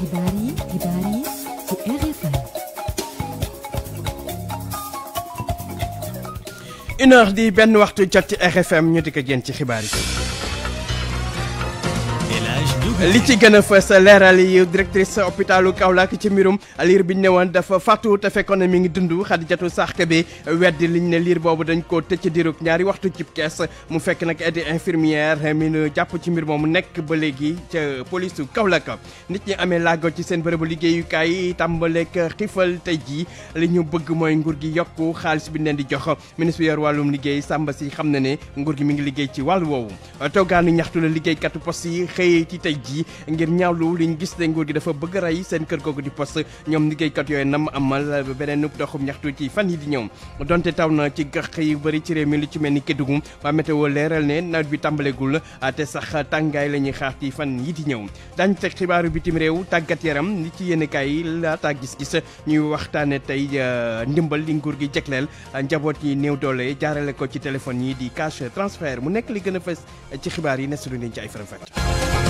Kibari, Kibari, die RFI. une heure di benn waxtu RFM ñu di li ci gën a fës leeral yi directrice hôpital kaw laa ci mbirum liir bi newoon dafa fàttu te fekkoon ne mi ngi dund xadijatu saxte bi weddi liñ ne liir boobu dañ ko tëcc diruk ñaari waxtu cib kees mu fekk nag aide infirmière mi nu jàpp ci mbir moomu nekk ba léegi ca police kaw la ko nit ñi amee laago ci seen bërëbu liggéeyukaay yi tàmbaleeg xifal tey jii li ñu bëgg mooy nguur gi yokk xaalis bi leen di jox ministre yor wàllum liggéey Samba si xam na ne nguur gi mi ngi liggéey ci wàll woowu toogaanu ñaxtu la liggéeykatu pos yi xëy ci tey gi ngir ñaawlu liñ gis ne nguur gi dafa bëgg rey seen kër googu di poste ñoom liggéeykat yooyu nam amal beneen doxum ñaxtu ci fan yi di ñëw donte taw na ci gàq yu bëri ci réew mi lu ci mel ni Kédougou waa météo leeral ne nawet bi tàmbalegul te sax tàngaay la ñuy xaar ci fan yi di ñëw dañ teg xibaaru bitim réew tàggat yaram li ci yéen kaay laa laata gis-gis ñuy waxtaane tey euh, ndimbal li nguur gi jegleel njaboot yi néew doole jaarale ko ci téléphone yi di cash transfert mu nekk li gën a fës ci xibaar yi ne sulu ay faram-fàcce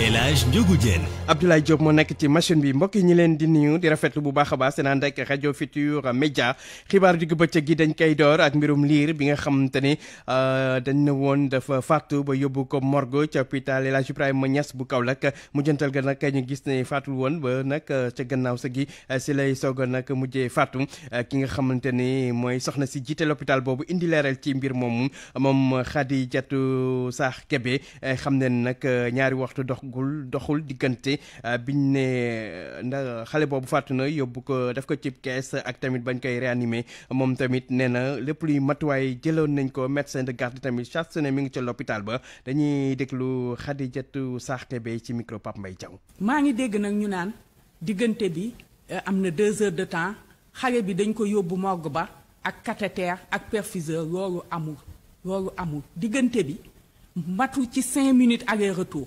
El Hadj Ndiogou Diène Abdoulaye Diop moo nekk ci machine bi mbokk ñi leen di nuyu di rafetlu bu baax a baax seen ànd ak rajo Futurs Médias xibaar digg bëccëg gi dañ koy door ak mbirum liir bi nga xamante ni euh, dañ ne woon dafa faatu ba yóbbu ko morgo ca hôpital El Hadj Ibrahima Niass bu Kaolack mu jëntal ga nag ñu gis ne faatu woon ba nag euh, ca gannaaw sa gi euh, si lay soog a nag mujjee faatu ki nga xamante ni mooy soxna si jiite l'hôpital boobu indi leeral ci mbir moomu moom Khady Diatou Sarr Kébé xam ne nag ñaari waxtu dox doxul doxul diggante euh, biñ ne euh, ndax xale boobu fàttu na yóbbu ko def ko cib kees ak tamit bañ koy réanimer moom tamit nee na lépp luy matuwaay jëloon nañ ko médecin de garde tamit chasse ne mi ngi ca l'hôpital ba dañuy déglu Xadijatu Saaxte be ci micro Pape Mbaye Diaw. maa ngi dégg nag ñu naan diggante bi euh, am na deux heures de temps xale bi dañ ko yóbbu morgue ba ak cathéter ak perfuseur loolu amul loolu amul diggante bi matu ci cinq minutes aller retour.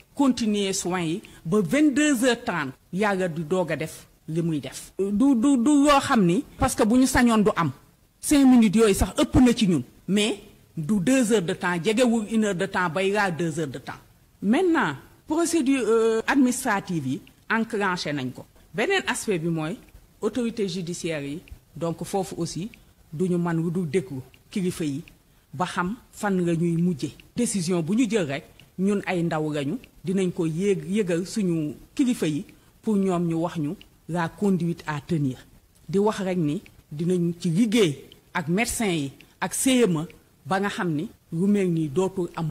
continuer soins yi ba 22h30 yaga du y a def limuy def. du du du yoo xamni parce que si sañon du am. 5 minutes yoy sax ëpp na ci ñun. mais du 2 heures de temps wu une heure de temps bay ra 2 heures de temps. maintenant procédure euh, administrative yi enclenché nañ ko. benen aspect bi moy autorité judiciaire yi donc fofu aussi duñu ñu man du dul déglu kilifa yi ba xam fan nga ñuy mujjé décision buñu nous jël rek ñun ay ndaw lañu. dinañ ko yéeg yégal suñu kilifa yi pour ñoom ñu wax ñu la conduite à tenir di wax rek ni dinañ ci liggéey ak médecin yi ak CMA ba nga xam ni lu mel nii dootul am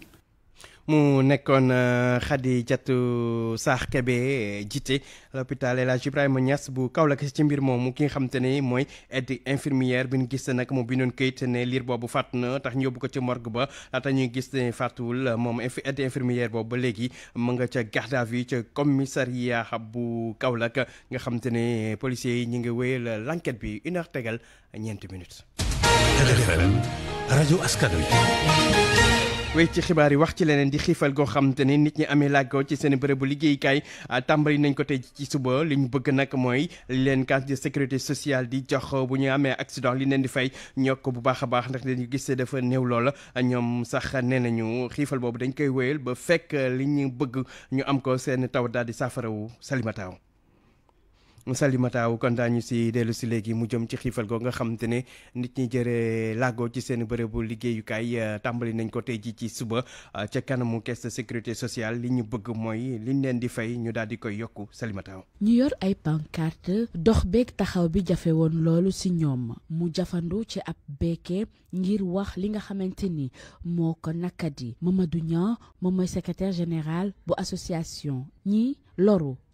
mu nekkoon euh, Khady Diatou Sarr Kébé jiite l'hôpital la Hadj Ibrahima ñas bu Kaolack ci mbir moom ki nga xam te mooy aide infirmière bi ñu gis nag moom bi bindoon këyit ne liir boobu fàtt na tax ñu yóbbu ko ci morgue ba laata ñuy gis ne fàttuwul moom aide infirmière boobu ba léegi mu nga ca garde à vue ca commissariat bu Kaolack nga xam te ne policiers yi ñu ngi wéyal l'enquête bi une heure tegal ñeenti minutes. askan wi wéy ci xibaar yi wax ci leneen di xiifal goo xam te ne nit ñi amee làggoo ci seen bërëbu liggéeykaay ah, tàmbali nañ ko tey ci suba li ñu bëgg nag mooy leen case de sécurité sociale di jox bu ñu amee accident li leen di fay ñokk bu baax a baax ndax dañu gis dafa néew loola ñoom sax nee nañu xiifal boobu dañ koy wéyal ba fekk li ñu bëgg ñu am ko seen taw daal di saafarawu salimataaw Salimata kontaan ñu si dellu si léegi mu jëm ci xiifal ko nga xamante ne nit ñi jëre laago ci seen bërëbu liggéeyukaay euh, tàmbali nañ ko tey ji ci suba euh, ca kanamu caisse sécurité sociale li ñu bëgg mooy liñ leen di fay ñu daal di koy yokku Salimata. ñu yor ay pancarte dox beeg taxaw bi jafe woon loolu si ñoom mu jafandu ci ab beekee ngir wax li nga xamante ni moo ko nakadi Mamadou Niang moom mooy secretaire général bu association ñi loru.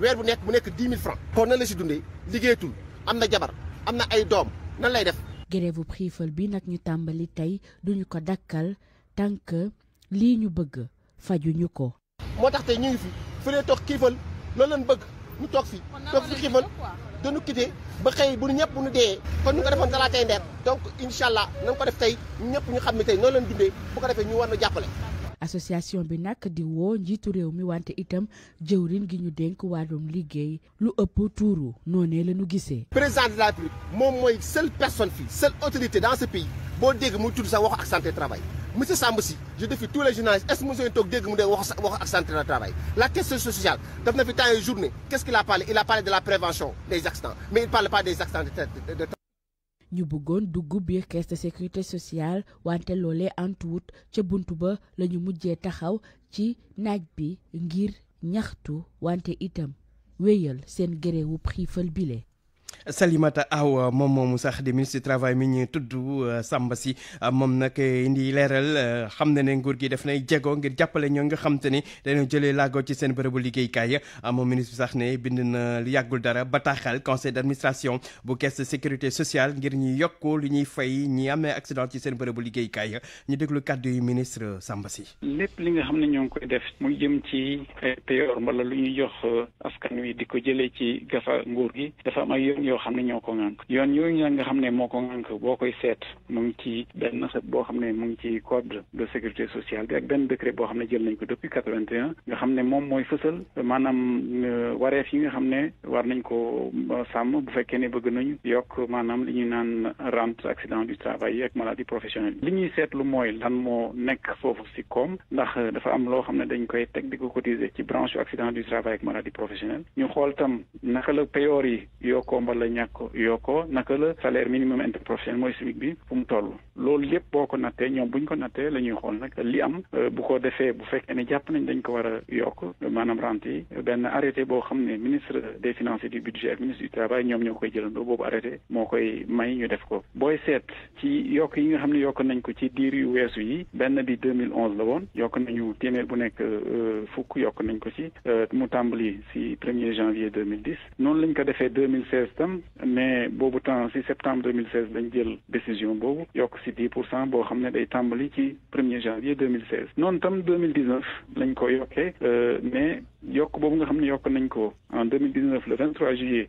weer bu nekk bu nekk 10 000 francs kon nan la si dunde liggéeyatul am na jabar am na ay doom nan lay def. grève bu xiifal bi nag ñu tàmbali tey duñu ko dakkal tant lii ñu bëgg fajuñu ko. moo tax tey ñu ngi fi fële toog xiifal loolu lañ bëgg ñu toog fi toog fi xiifal dañu quitté ba xëy bu ñëpp bu ñu dee. kon ñu ko defoon talaatay ndeer donc incha allah na ko def tey ñëpp ñu xam ne tey noonu leen dundee bu ko defee ñu war na jàppale. association bi di wo njiitu réew mi wante itam jeurine gi ñu dénk wàllum liggéey lu ëpp touru noné la ñu président de la République mom moy seule personne fille, seule autorité dans ce pays bon dégg mu tudd sax wax ak santé travail monsieur Samb je défie tous les journalistes est-ce que monsieur tok dégg mu dégg wax wax ak santé travail la question sociale daf na fi temps journée qu'est-ce qu'il a parlé il a parlé de la prévention des accidents mais il parle pas des accidents de ñu bëggoon dugg biir caisse de sécurité sociale wante loole antuwut ca buntu ba la ñu mujjee taxaw ci naaj bi ngir ñaxtu wante itam wéyal seen gréewu xiifal bile Salimata Aw euh, moom moom mu sax di ministre du travail mi ñu tudd euh, Samba si euh, moom nag indi leeral xam na ne nguur gi def nay jéego ngir jàppale ñoo nga xam te ni dañoo jëlee laago ci seen bërëbu liggéeykaay moom ministre sax ne bind na lu yàggul dara bataaxal conseil d'administration bu caisse sécurité sociale ngir ñuy yokku lu ñuy fay ñi amee accident ci seen bërëbu liggéeykaay ñu déglu kàddu yu ministre Samba si. lépp li nga xam ne ñoo ngi koy def muy jëm ci payor mbala lu ñuy jox askan wi di ko jëlee ci gafa nguur gi dafa am ay yoon yoo xam ne ñoo ko ŋànk yoon yooyu nga xam ne moo ko ŋànk boo koy seet mu ngi ci benn xët boo xam ne mu ngi ci code de sécurité sociale bi ak benn décret boo xam ne jël nañ ko depuis quatre vingt nga xam ne moom mooy fësal maanaam euh, wareef yi nga xam ne war nañ ko euh, sàmm bu fekkee ne bëgg nañu yokk maanaam li ñuy naan rente accident du travail ak maladie professionnelle li ñuy seetlu mooy lan moo nekk foofu si koom ndax dafa am loo xam ne dañ koy teg di ko cotiser ci branche accident du travail ak maladie professionnelle ñu xool tam naka la payoor yi yokkoo mbala wala ñàkk ko yokkoo naka la salaire minimum interprofessionnel mooy SMIC bi fu mu toll loolu lépp boo ko nattee ñoom bu ñu ko nattee la ñuy xool nag li am euh, bu ko defee bu fekkee ne jàpp nañ dañ ko war yokk maanaam rente yi benn arrêté boo xam ne ministre de finances et du budget ak ministre du travail ñoom ñoo koy jëlandoo boobu arrêté moo koy may ñu def ko booy seet ci yokk yi nga xam ne yokk nañ ko ci diir yu weesu yi benn bi 2011 la woon yokk nañu téeméer bu nekk euh, fukk yokk nañ ko ci euh, mu tàmbali si premier janvier 2010 noonu lañ ko defee 2016 mais mais boobu temps si septembre 2016 dañ jël décision boobu 10 le er janvier 2016 noonu tam 2019 lañ ko euh, mais yokk boobu nga xam ne nañ ko en 2019 le 23 juillet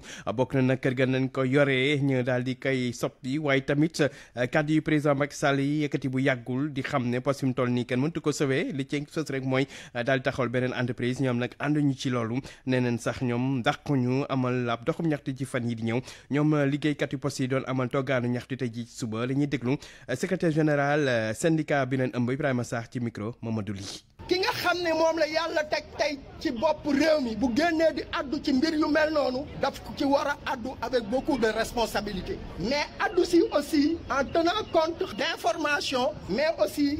Ah, bokk na nag kër ga nañ ko yoree ñu daal di koy soppi waaye tamit ah, kàddu yu président Macky Sall yi yëkkati bu yàggul di xam ne parce que mu toll nii kenn mëntu ko sauver li ci sos rek ah, daal di beneen entreprise ñoom nag ànduñu ci loolu nee neen sax ñoom dàqu ñu amal ab doxum ñaxti ci fan yi di ñëw ñoom liggéeykat yu poste yi doon amal toggaanu ñaxtu tey ji suba la ñuy déglu secretaire général syndicat bi leen ëmb Ibrahima Sarr ci micro Mamadou Ly xamné nous la yalla tek tay ci bop bu di addu ci yu mel daf avec beaucoup de responsabilités. mais addu aussi en tenant compte d'informations mais aussi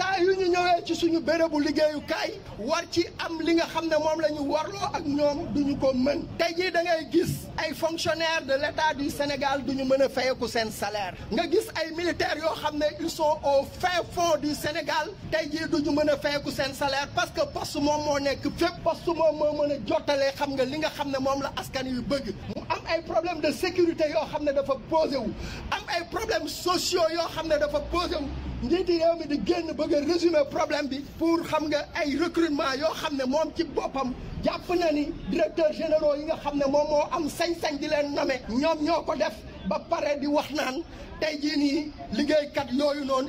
saa yu ñu ñëwee ci suñu bérébu liggéeyukaay war ci am li nga xam ne moom la ñu warloo ak ñoom duñu ko mën tey jii da ngay gis ay fonctionnaires de l'État du Sénégal duñu mën a fayeku seen salaire nga gis ay militaires yoo xam ne ils sont au fin fond du Sénégal tey jii duñu mën a fayeku seen salaire parce que poste moom moo nekk fépp poste moom moo mën a jottalee xam nga li nga xam ne moom la askan yu bëgg mu am ay problème de sécurité yoo xam ne dafa posé wu am ay problèmes sociaux yoo xam ne dafa posé wu Je réew mi di génn bëgg problème pour xam nga ay recrutement yoo xam ne moom ci boppam jàpp na ni directeur généraux yi nga xam ne moom am sañ-sañ di leen nome ñoom ñoo def ba pare di wax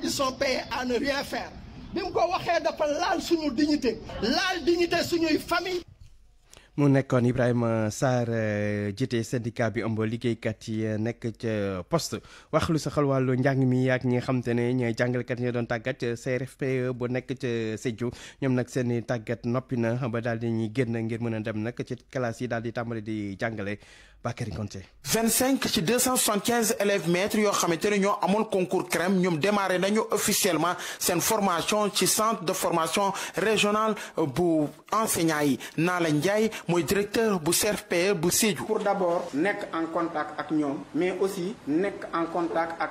ils sont payés à ne rien faire bi mu ko waxee dafa laal suñu dignité laal dignité suñuy famille mu nekkoon ibrahima eh, sar eh, jite syndicat bi ëmboo liggéeykati eh, nekk ca poste waxlu sa xal wàllu njàng mi ak ñi xam te ne ñooy jàngalekat ñoo doon tàggat crfpe bu nek ca sédio ñoom nag seen tàggat noppi na ba daal di ñuy génn ngir mën a dem nag ci classe yi daal di tàmbale di jàngale Bakary Konté. 25 ci 275 élèves maîtres yo xamante ne ñoo amone concours CREM ñom démarré nañu officiellement une formation ci centre de formation régional bu enseigner yi Nala Ndiaye directeur bu CRPE bu pour d'abord nek en contact ak nous, mais aussi nek en contact ak.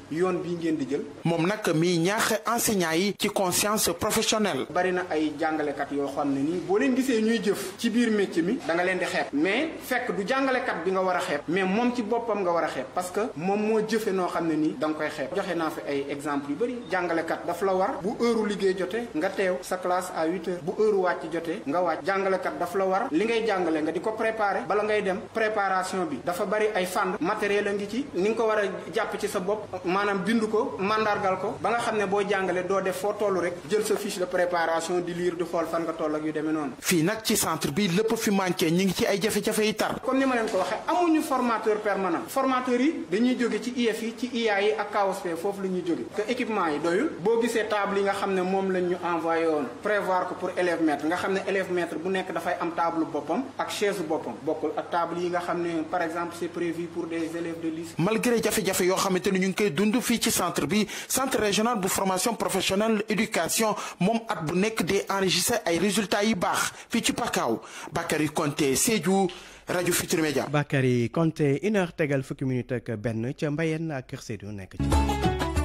yoon bii ngeen di jël. moom nag miy ñaax enseignants yi ci conscience professionnelle. bari na ay jàngalekat yoo xam ne nii boo leen gisee ñuy jëf ci biir métier mi da nga leen di xeet mais fekk du jàngalekat bi nga war a xeeb mais moom ci boppam nga war a xeeb parce que moom moo jëfe noo xam ne nii da nga koy xeeb joxe naa fi ay exemple yu bëri jàngalekat daf la war bu heure liggéey jotee nga teew sa classe a huit heures bu heure wàcc jotee nga wàcc jàngalekat daf la war li ngay jàngale nga di ko préparer bala ngay dem préparation bi dafa bari ay fànn matériel a ngi ci ni ko war a jàpp ci sa bopp manam bind ko mandargal ko ba nga xamne bo jangale do def fo toll rek jël sa fiche de préparation di lire de xool fan nga toll ak yu demee non fi nak ci centre bi lepp fi manqué ñi ngi ci ay jafé jafé yi tar. comme ni ma len ko waxe amuñu formateur permanent formateur yi dañuy joggé ci IEF yi ci IA yi ak KOSP foofu la ñuy jóge que équipement yi doyul bo gisee table yi nga xamne mom lañ ñu envoyé prévoir ko pour élève maître nga xamne élève maître bu nekk dafay am table boppam ak chaise boppam bokul ak table yi nga xamne par exemple c'est prévu pour des élèves de lycée. malgré jafé jafé yo xamante ñu ngi koy dund du fi ci centre bi centre régional bu formation professionnelle éducation mom at bu nek di enregistré ay résultats yi bax fi ci Pakaw Bakary conté Sédhiou Radio Futur Média. Bakary Konte une heure tégal fukki minutes ak ben ca mbayen ak Kër Sédhiou ci.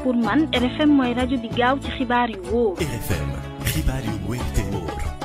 pour man RFM moy Radio di gaw ci xibaar RFM xibaar yu wóor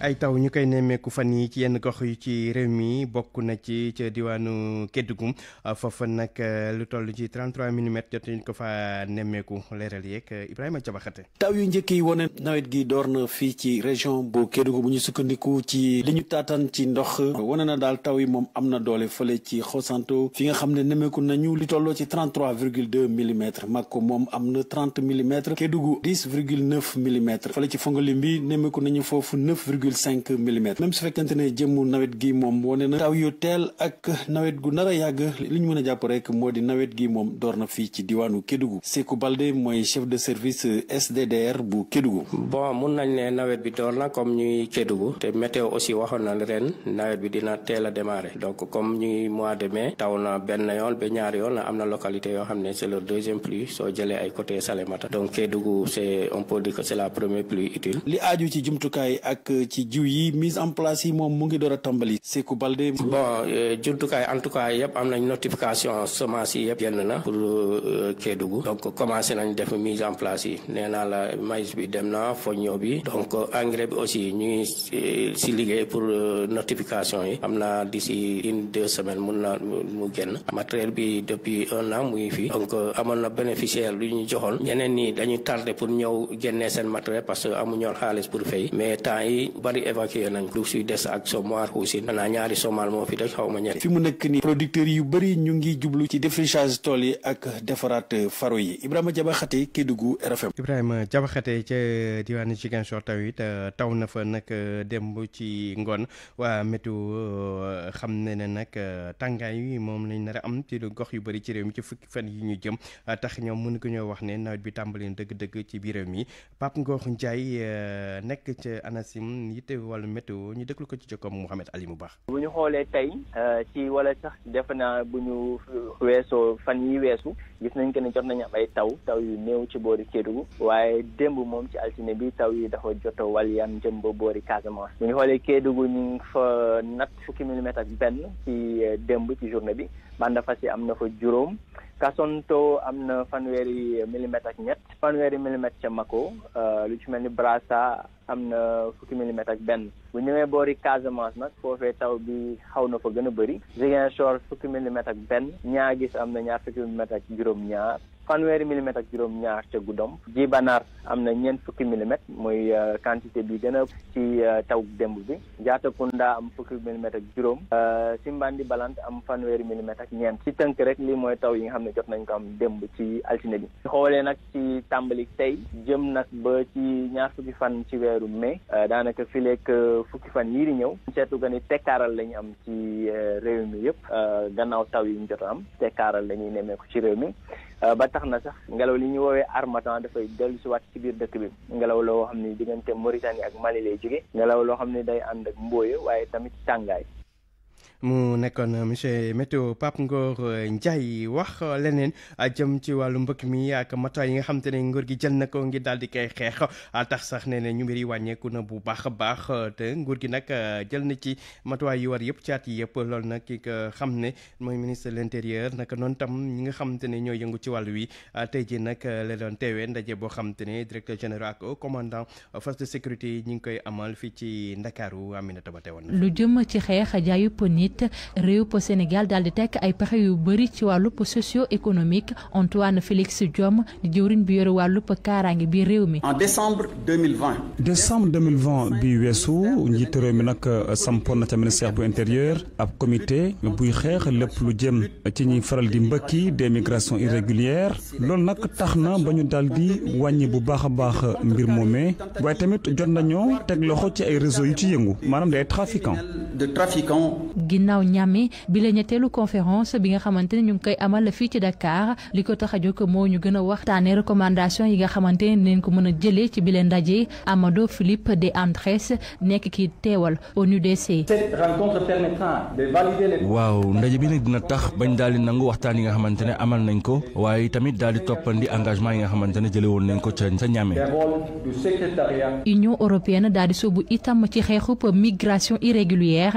ay taw ñu koy nemmeeku fan yi ci yenn gox yu ci réew mi bokk na ci ca diwaanu Kédougou ah, foofu nag eh, lu toll ci 33 millimètres jot nañu ko fa nemmeeku leeral yeeg eh, Ibrahima Diabakhate. taw yu njëkk yi wane nawet gi door na fii ci région bu Kédougou bu ñu sukkandiku ci li ñu taataan ci ndox wane na daal taw yi moom am na doole fële ci Xosanto fi nga xam ne nemmeeku nañu li tolloo ci 33 virgule 2 millimètres Makko moom am na 30 millimètres Kédougou 10 virgule 9 millimètres fële ci Fongolimbi nemmeeku nañu foofu 9 virgule 1,5 mm même su fekkante ne jëmmu nawet gi moom wone na taw yu teel ak nawet gu nar a yàgg li ñu mën rek moo nawet gi moom door na ci diwaanu kédugu seku balde mooy chef de service sddr bu kédugu bon mun nañ ne nawet bi door na comme ñuy kédugu te météo aussi waxoon na ren nawet bi dina teel a démarré donc comme ñuy mois de mai taw na benn yoon ba ñaar yoon am na localité yoo xam ne c' est leur deuxième pluie soo jëlee ay côté salemata donc kédugu c' on peut dire que c' la première pluie utile li aaju ci jumtukaay ak ci jiw yi mise en place yi moom mu ngi door a tàmbali Sékou Baldé bon euh, jumtukaay en tout cas yëpp am nañ notification semence yi yëpp génn na pour euh, Kédougou donc commencé nañ def mise en place yi nee naa la maïs bi dem na foño bi donc euh, engrais bi aussi ñu ngi si liggéey pour notification yi am na di si une deux semaines mun na mu génn matériel bi depuis un an muy fii donc amoon na bénéficiaire lu ñu joxoon ñeneen ñi dañuy tardé pour ñëw génnee seen matériel parce que amuñoon xaalis pour fay mais temps yi bari évacué nañ lu suy dess ak somoir aussi na ñaari somal mo fi def xaw ma ñari fi mu nekk ni producteurs yu bari ñu ngi jublu ci défrichage tool yi ak défarat faro yi ibrahima jabaxate ki duggu rfm ibrahima jabaxate ci diwan ci gan sor taw it taw na fa nak dem ci ngone wa metu xam ne ne nak tangay yi mom lañ nara am ci lu gox yu bari ci rew mi ci fukki fan yi ñu jëm tax ñom mu ñu wax ne nawet bi tambali deug deug ci biir rew mi pap ngox njay nek ci anasim yitte wala météo ñu déglu ko ci jokkam Mohamed Ali Moubax e eh, bu ñu xolé tay ci wala sax def na bu ñu wéso fan yi wésu gis nañ ke ne jot nañ ay taw taw yu neew ci boori Kédougou waye demb mom ci altiné bi taw yi dafa jotto wal yam jëm bo boori Casamance bu ñu xolé Kédougou ñu fa nat fukki millimètre ak ben ci demb ci journée bi bande fa ci am na fa juroom Kasonto am na fanweeri milimètres ak ñett fanweeri milimètres ca Mako euh, lu ci mel ni Brassa am na fukki milimètres ak benn bu ñëwee boori Casamance nag foofee taw bi xaw na fa gën a bëri Ziguinchor fukki milimètres ak benn ñaa gis am na ñaar fukki milimètres ak juróom-ñaar fanweeri milimètres ak juróom ñaar ca Goudomp ji banaar am na ñeent fukki milimètres mooy euh, quantité bi gën a ci euh, taw démb bi Diattacounda am fukki milimètres ak juróom euh, Simbandi balant am fanweeri milimètres ak ñeent ci tënk rek lii mooy taw yi nga xam ne jot nañ ko am démb ci altine bi xoolee nag ci tàmbali tey jëm nag ba ci ñaar fukki fan ci weeru mais daanaka fileek fukki fan yii di ñëw seetu ga ni tekkaaral la am ci réew mi yëpp gannaaw taw yi ñu jot am tekkaaral la ñuy nemmeeku ci réew mi Euh, ba tax na sax ngelaw li ñu woowee armatan dafay dellu si waat ci biir dëkk bi ngelaw loo xam ne diggante Mauritanie ak Mali lay jóge ngelaw loo xam ne day ànd ak mbooya waaye tamit tàngaay mu nekkoon monsieur météo Pape Ngor euh, Ndiaye wax leneen jëm ci wàllu mbëkk mi ak matuwaay yi nga xam ne nguur gi jël na ko ngi daal di koy xeex tax sax nee na ñu mbir yi wàññeeku na bu baax a baax te nguur gi nag euh, jël na ci matuwaay yu war yëpp caat yi yëpp loolu nag ki xam ne mooy ministre de l'intérieur naka noonu tam ñi nga xam ne ñoo yëngu ci wàll wi euh, tey ji nag la doon teewee ndaje boo xam ne directeur général ak commandant force de sécurité yi ñu ngi koy amal fii ci Ndakaaru Aminata ba teewoon it réew Sénégal dal di tek ay pexe yu bëri ci socio économique Antoine Félix Diom, di jëwriñ bi yore wàllub kaaraange bi réew en décembre 2020. décembre 2020 bi weesu njiit réew mi nag euh, na ca ministère bu intérieur ab comité buy xeex lépp lu jëm ci ñuy faral di mbëkki des migrations irrégulières loolu nag tax na ba ñu daal di wàññi bu baax a baax mbir moomee waaye tamit jot nañoo teg loxo ci ay réseaux yu ci yëngu maanaam des trafiquants. de trafiquants. ginnaaw ñàmmi bi la ñetteelu conférence bi nga xamante ne ñu ngi koy amal fii ci Dakar li ko tax a jóg moo ñu gën a waxtaanee recommandation yi nga xamante ne dinañ ko mën a jëlee ci bile ndaje Amadou Philippe de Andrés nekk ki teewal ONUDC. waaw ndaje bi nag dina tax bañ daal di nangu waxtaan yi nga xamante ne amal nañ ko waaye tamit daal di toppandi engagement yi nga xamante ne jëlee nañ ko ca ca ñàmme. Union européenne daal di itam ci xeexub migration irrégulière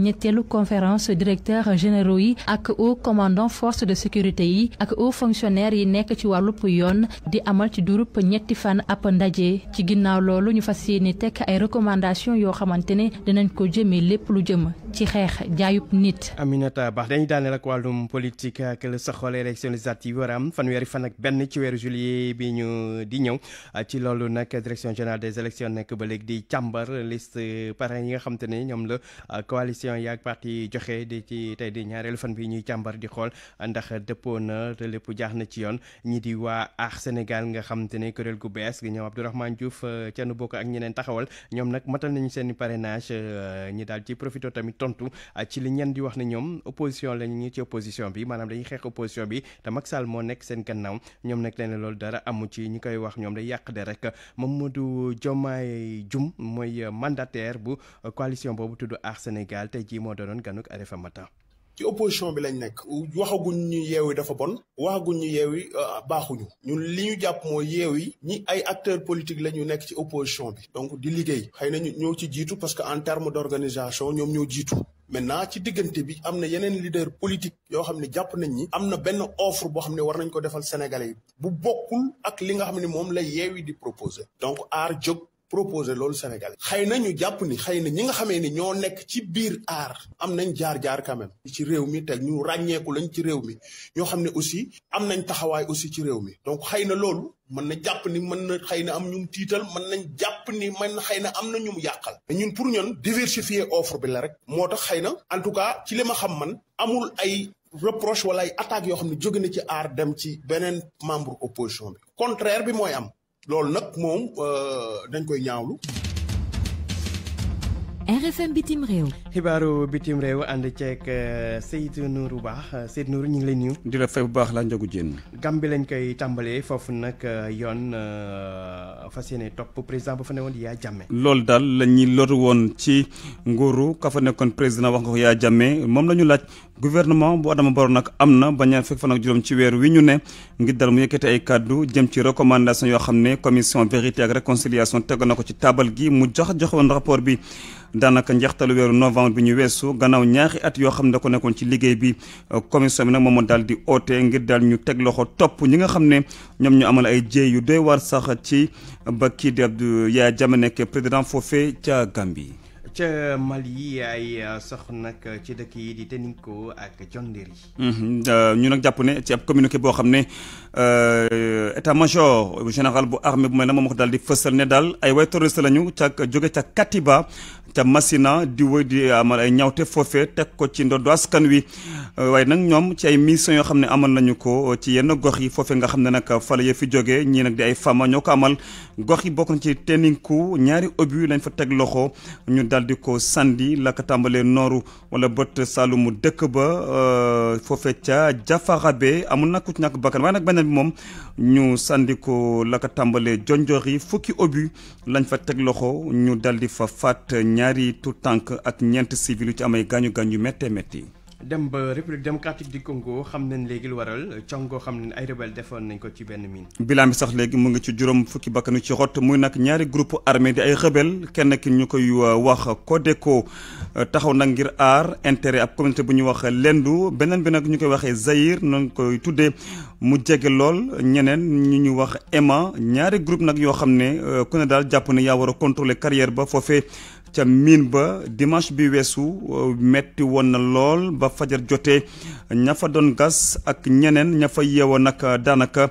ñetteelu conférence directeur généraux yi ak au commandant force de sécurité yi ak au fonctionnaire yi nekk ci wàllub yoon di amal ci durup ñetti fan ap ndaje ci ginnaw lolu ñu fas yéene ay recommandations yo xamantene dinañ ko jëme lépp lu jëm ci xex jaayup nit. Aminata bax dañuy daane rek wàllum politique ak le saxool élection législative war fan wéri fan ak ben ci weeru juillet bi ñu di ñew ci lolu nak direction générale des élections nek ba léegi di càmbar liste parrain yi nga xamantene ñom la coalition. coalition yi ak parti joxe di ci tey di ñaareelu fan bi ñuy càmbar di xool ndax dëppoo te lépp jaax na ci yoon ñi di waa Aar Sénégal nga xam te ne kuréel gu bees gi ñoom Abdourahmane Diouf euh, Thierno Bokk ak ñeneen taxawal ñoom nag matal nañu seen parrainage euh, ñi daal ci profito tamit tontu euh, ci li ñenn di wax ne ñoom opposition lañu ñu ci opposition bi maanaam dañuy xeex opposition bi te Macky Sall moo nekk seen gannaaw ñoom nag leen loolu dara amu ci ñi koy wax ñoom day yàq de rek Mamadou Diomaye Dioum mooy mandataire bu coalition boobu tudd Aar Sénégal te tey jii moo a ganuk RFM matin ci opposition bi lañ nekk waxaguñ ñu yeewi dafa bon waxaguñ ñu yeewi euh, baaxuñu ñun li ñu jàpp mooy yeewi ñi ay acteurs politiques la ñu nekk ci opposition bi donc di liggéey xëy na ñu ñoo ci jiitu parce que en terme d'organisation ñoom ñoo jiitu maintenant ci diggante bi am na yeneen leader politique yoo xam ne jàpp nañ ni am na benn offre boo xam ne war nañ ko defal sénégalais yi bu bokkul ak li nga xam ni moom lay yeewi di proposer donc aar jóg proposé loolu Sénégal xëy na ñu jàpp ni xëy na ñi nga xamee ni ñoo nekk ci biir aar am nañ jaar-jaar quand ci réew mi te ñu ràññeeku lañ ci réew mi ñoo xam ne aussi am nañ taxawaay aussi ci réew mi donc xëy na loolu mën na jàpp ni mën na xëy na am ñu mu tiital mën nañ jàpp ni mën na xëy na am na ñu mu yàqal mais ñun pour ñun diversifier offre bi la rek moo tax xëy na en tout cas ci li ma xam man amul ay reproche wala ay attaques yoo xam ne jóge na ci aar dem ci beneen membre opposition bi contraire bi mooy am loolu nag moom euh, dañ koy ñaawlu. RFM bitim réew. xibaaru bitim réew ànd ceeg euh, Seydou Nourou baax Seydou Nourou ñu ngi lay nuyu. di la fay bu baax laa njagu jën. Gàmbi lañ koy tàmbalee foofu nag euh, yoon fas yéene topp président ba fa ne woon Yaya Jammeh. loolu daal la ñuy loru woon ci nguuru ka fa nekkoon président wax nga ko Yaya Jammeh moom la ñu laaj gouvernement bu Adama Barrow nak amna na ba ñaar fekk fan ak ci weer wi ñu né ngir dal mu yëkkati ay kàddu jëm ci recommandation yo xamné commission vérité ak réconciliation teg nako ci table gi mu jox joxoon rapport bi danaka njeextalu weeru novembre bi ñu wessu gannaaw ñaari at yo xamné ko nekkon ci liggéey bi commission bi nak moom dal di oté ngir dal ñu teg loxo top ñi nga xam ñu amal ay jéey yu doy war sax ci bakki kii ya Yahya ke président fofé ca Gambie ca yi ay euh, soxna nag euh, ci dëkk yi di Teninko ak Jondiri mhm, euh, ñu nag jàpp ne ci ab communiqué boo xam ne état major général bu armée bu may na moom wax daal di fësal ne daal ay way terroriste lañu ca jóge ca Katiba ca Masina di wëy di amal ay ñawte foofe teg ko ci ndoddu askan wi waaye nag ñoom ci ay mission yoo xam ne amal nañu ko ci yenn gox yi foofe nga xam ne nag fala ya fi jógee ñii nag di ay fama ñoo ko amal gox yi bokk na ci Teninko ñaari obus lañ fa teg loxo daal ko sandi la tàmbalee nooru wala bët saalumu dëkk ba euh, foofe ca jafarabe amul nag ku ci ñàkk bakkan waaye nag beneen bi moom ñu sandi ko la tàmbalee jonjor yi fukki obi lañ fa teg loxo ñu daal di fa faat ñaari tout tànk ak ñeent civil yu ci amay gaañu gaañu méttee métti dem ba république démocratique di Congo xam nañ léegi lu waral cong goo xam ne ay rebelle defoon nañ ko ci benn mine. bilan bi sax léegi mu ngi ci juróom fukki bakkanu ci xott muy nag ñaari groupe armé di ay rebelle kenn ki ñu koy euh, wax Codeco euh, taxaw nag ngir aar intérêt ab communauté bu ñuy wax lendu beneen bi nag ñu koy waxee Zaïre noonu koy tuddee. mu jege lool ñeneen ñu ñu wax EMA ñaari groupe nag yoo xam ne euh, ku ne daal jàpp ne yaa war a contrôler carrière ba foofee ca miin ba dimanche bi weesu euh, metti woon na lool ba fajar jotee ña fa doon gas ak ñeneen ña fa yeewoo nag euh, daanaka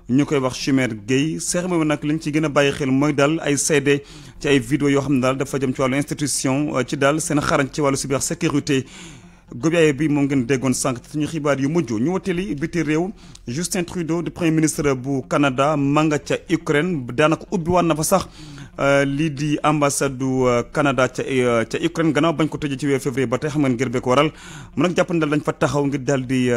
ñu koy wax Chimère Guèye sermé bi nag li ci gën a bàyyi xel mooy daal ay seede ci ay vidéo yoo xam ne daal dafa jëm ci wàllu institution euh, ci daal seen xarañ ci wàllu cyber sécurité gobiaye bi moom ngeen déggoon sànq suñu xibaar yu mujj ñu woteeli biti réew Justin Trudeau di premier ministre bu Canada ma nga ca Ukraine daanaka ubbi waan na fa sax Euh, lii di ambassade du euh, Canada ca euh, ca Ukraine gannaaw bañ ko tëjee ci weer février ba tey xam ngeen ngir ko waral mu nag jàpp ne dañ fa taxaw ngir daal di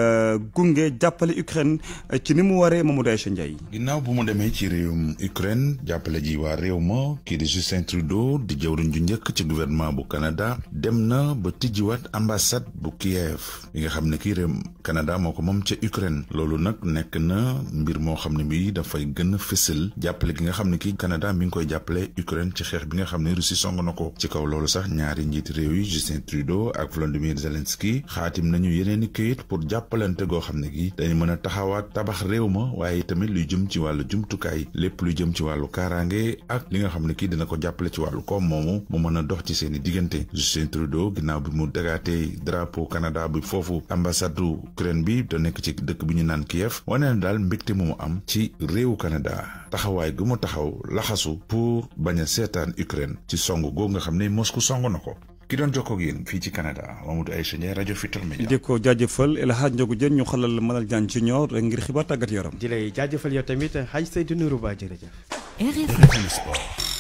gunge jàppale Ukraine ci ni mu waree Mamadou Aïcha Ndiaye. ginnaaw bu mu demee ci réewum Ukraine jàppale ji waa réew ma kii di Justin Trudeau di jëwriñ ju njëkk ci gouvernement bu Canada dem na ba tijjiwaat ambassade bu Kiev bi nga xam ne kii réew Canada moo ko moom ca Ukraine loolu nag nekk na mbir moo xam ne bi dafay gën a fësal jàppale ki nga xam ne kii Canada mi ngi koy jàppale. jàppale Ukraine ci xeex bi nga xam ne Russie song na ko ci kaw loolu sax ñaari njiit réew yi Justin Trudeau ak Volodymyr Zelensky xaatim nañu yeneeni këyit pour jàppalante goo xam ne gi dañu mën a taxawaat tabax réew ma waaye tamit luy jëm ci wàllu jumtukaay lépp luy jëm ci wàllu kaaraange ak li nga xam ne kii dina ko jàppale ci wàllu koom moomu mu mën a dox ci seeni diggante Justin Trudeau ginnaaw bi mu dagaatee drapeau kanadaa bi foofu ambassade Ukraine bi da nekk ci dëkk bi ñu naan Kiev wane daal mbégte mu am ci réewu Canada taxawaay gu mu taxaw bañ a seetaan Ukraine ci song googu nga xam ne Moscou song na ko. ki doon jokkoo ak yéen fii ci Canada Mamadou Aïcha Ndiaye rajo Futurs Médias di ko jaajëfal El Hadj Ndiogou Diène ñu xalal mënal jaan ci ñoor ngir xibaar tàggat yaram. di lay jaajëfal yow tamit Hadj Seydou Nourou Ba jërëjëf.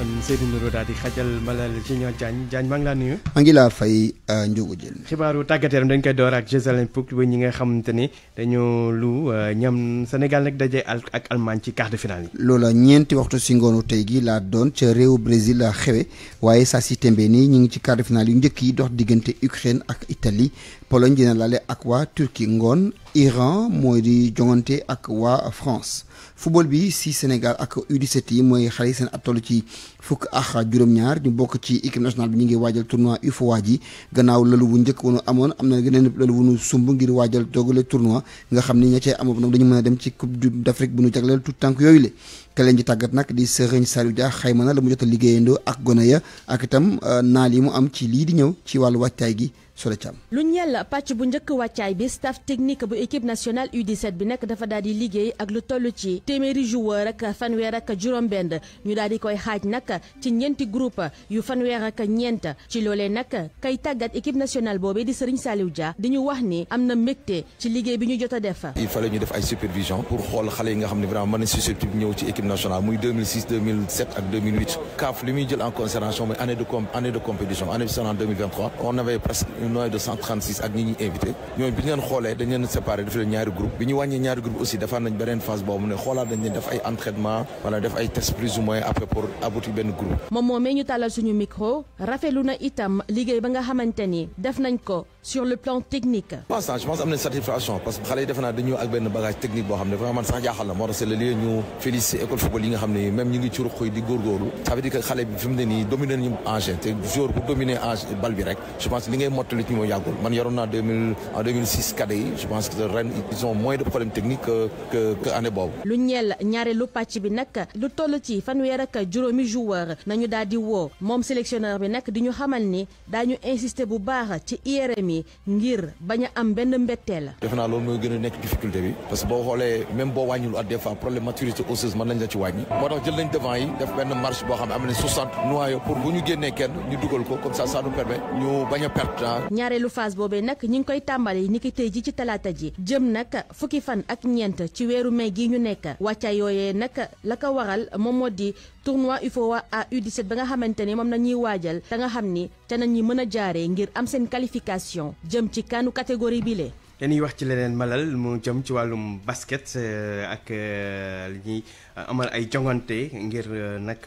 kon Seydou Nourou daal di xajal Malal Junior Diagne jaañ maa maa ngi laa fay euh, Ndiobo Diène. xibaaru tàggat yaram dañ koy door ak Jeux olympiques ba ñi nga xamante ni dañoo lu euh, ñam Sénégal nag daje ak Allemagne ci quart de finale yi. loola ñeenti waxtu si ngoonu tey gi laa doon ca réewu Brésil la xewe waaye saa si tembe nii ñu ngi ci quart de finale yu njëkk yi dox diggante Ukraine ak Italie Pologne dina laale ak waa Turquie ngoon Iran mooy di joŋante ak waa France. football bi si Sénégal ak U17 yi mooy xale yi seen ab toll ci fukk ak juróom-ñaar ñu bokk ci équipe nationale bi ñu ngi waajal tournoi UFOA ji gannaaw lëlu bu njëkk wunu amoon am na geneen lëlu bu nu sumb ngir waajal doogale tournoi nga xam ni ña cee amoon nag dañu mën a dem ci coupe d'Afrique bu nu jagleel tout tànk yooyu le ka leen ci tàggat nag di Serigne Saliou Dia xayma na la mu jot a liggéeyandoo ak gone ya ak itam euh, naal yi mu am ci lii di ñëw ci wàllu wàccaay gi Soxna Thiam lu ñeel bu ñëk waccay bi staff technique bu équipe nationale U17 bi nek dafa daal di liggéey ak lu tollu ci téeméeri joueur ak fanweer ak juróom-benn ñu daal di koy xaj nak ci ñenti groupe yu fanweer ak ñeent ci lolé nak kay tagat équipe nationale bobé di Serigne Saliou Dia di ñu wax ni amna na ci liggéey bi ñu jot def. il fallait ñu def ay supervision pour xol xalé yi nga xamni vraiment mën susceptible ñëw ci équipe nationale muy 2006 2007 ak 2008 CAF li jël en considération mais année de année de compétition année de 2023 on avait presque nooy de 136 ak ñi ñuy invité ñooñu bi ñen xolé xoolee dañ leen séparé daf ñaari groupe bi ñu wàññee ñaari groupe aussi dafa nañ benen phase mu ne xoolaat dañ leen def ay entraînement wala def ay test plus ou moins après pour aboutir ben groupe moom moomee ñu talal suñu micro rafeluna itam ligue ba nga xamanteni def nañ ko sur le plan technique pas ça je pense am satisfaction parce que xalé def na dañu ak ben bagage technique bo xam vraiment man sax jaaxal na c'est le lieu ñu félicité école football yi nga xam même ñu ngi ci ruq di góorgóorlu ça veut dire que xale bi fi mu dominer ñu dominé nañu te joueur bu dominer en balle bi rek je pense li ngay mottali nit ñi man 2000 en 2006 cadets je pense que Rennes ils ont moins de problèmes techniques que que que année boobu. lu ñeel ñaareelu pàcc bi nak lu tollu ci fanweer ak juromi joueur nañu daal di woo sélectionneur bi nak diñu xamal ni dañu insister bu baax ci IRM yi ngir baña am benn mbetteel. defe naa loolu mooy gën difficulté bi parce que bo xolé même wañu lu at des fois problème maturité osseuse mën nañ la ci wañi. moo tax jël nañ devant yi def benn marche bo xam am na 60 noyaux pour buñu gënné kenn ñu duggal ko comme ça ça nous permet ñu baña a ñaareelu phase boobee nag ñi ngi koy tàmbali ni ki tey ji ci talaata ji jëm nag fukki fan ak ñeent ci weeru may gi ñu nekk wàccaay yooyee nag la ko waral moom moo di tournoi UFOA à U17 ba nga xamante ni moom la ñuy waajal te nga xam ni te nañuy mën a jaaree ngir am seen qualification jëm ci kanu catégorie bile dañuy wax ci leneen malal mu jëm ci wàllum basket euh, ak euh, li ñuy euh, amal ay jongante ngir nag.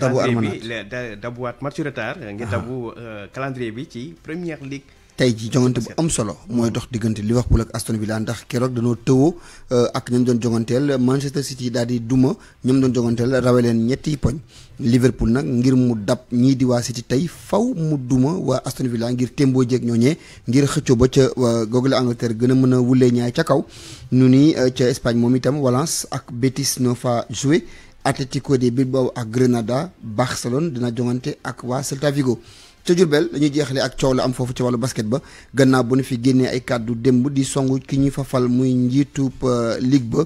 dabu calendrier bi dabuwaat match retard. ngir ah. dabu calendrier bi ci première ligue. tey ji jongante bu am solo mooy dox diggante Liverpool ak Aston Villa ndax keroog dañoo tëwoo euh, ak ñoom doon jonganteel Manchester City daal di duma ñoom doon jonganteel rawe leen ñetti poñ Liverpool nag ngir mu dab ñii di waa City tey faw mu duma waa Aston Villa ngir témboo jeeg ñooñee ngir xëccoo ba ca euh, google Angleterre gën a mën a wulee ñaay ca kaw ñu ni euh, ca Espagne moom itam Valence ak Betis ñoo fa joué Atlético de Bilbao ak Grenada Barcelone dina jongante ak waa Celta ca Jurbel dañuy jeexale ak coow la am foofu ci wàllu basket ba gannaaw bu nu fi génnee ay kàddu démb di songu ki ñuy fa fal muy njiitub euh, ligue ba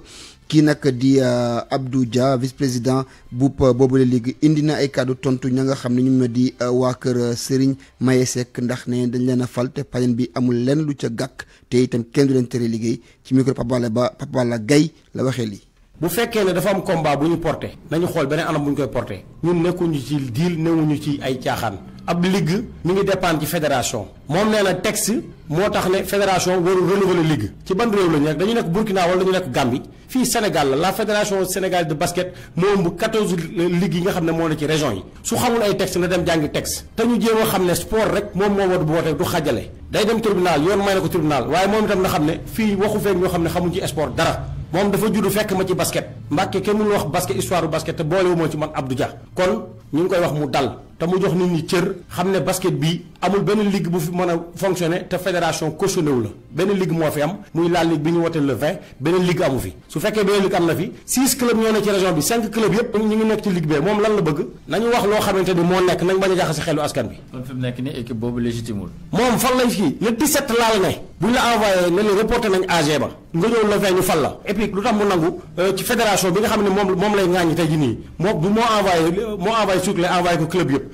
kii nag di euh, Abdou Dia vice président bu euh, boobule ligue indi na ay kàddu tontu ña nga xam ne ñu ma di waa kër Serigne Maye Seck ndax ne dañ leen a fal te pañen bi amul lenn lu ca gàkk te itam kenn du leen tere liggéey ci micro Pabala ba Pabala Gaye la waxee lii. bu fekke ne dafa am combat bu ñu porter nañu xol benen anam bu ñu koy porter ñun nekkuñu ci deal newuñu ci ay tiaxan ab ligue mi ngi dépendre ci fédération mom neena texte moo tax ne fédération waru renouveler ligue ci ban rew la nek dañu nek Burkina wala dañu nek Gambie fi Sénégal la fédération sénégal de basket moo bu 14 ligue yi nga xamne mo na ci région yi su xamul ay texte na dem jang texte te ñu jéem xamne sport rek mom mo wad bu wootee du xajale day dem tribunal yoon may na ko tribunal waye mom tam na xamne fi waxu fek ñoo xamne xamu ci sport dara moom dafa juddu fekk ma ci basket. Mbàkke kenn mënul wax basket histoire basket te boolewuma ci man Abdou Dia kon ñu ngi koy wax mu dal. te jox nit ñi cër xamné basket bi amul benn ligue bu fi mën a fonctionner te fédération cautionné wu la benn ligue moo fi am muy la ligue bi ñu wote le 20 beneen ligue amu fi su fekkee beneen ligue am na fi 6 club ñoo ne ci région bi 5 club yëpp ñu ngi nekk ci ligue bee moom lan la bëgg nañu wax loo xamante ni moo nekk nañ bañ a jaxase xelu askan bi. kon fi mu nekk nii équipe boobu légitimul. moom fan lañ fi le 17 laal ne bu ñu la envoyé ne la reporté nañ AG ba nga ñëw le 20 ñu fal la et puis lu tax mu nangu euh, ci fédération bi nga xam ne moom moom lay ŋaañi tey jii nii moo bu moo envoyé moo envoyé suuf lay envoyé ko club yëpp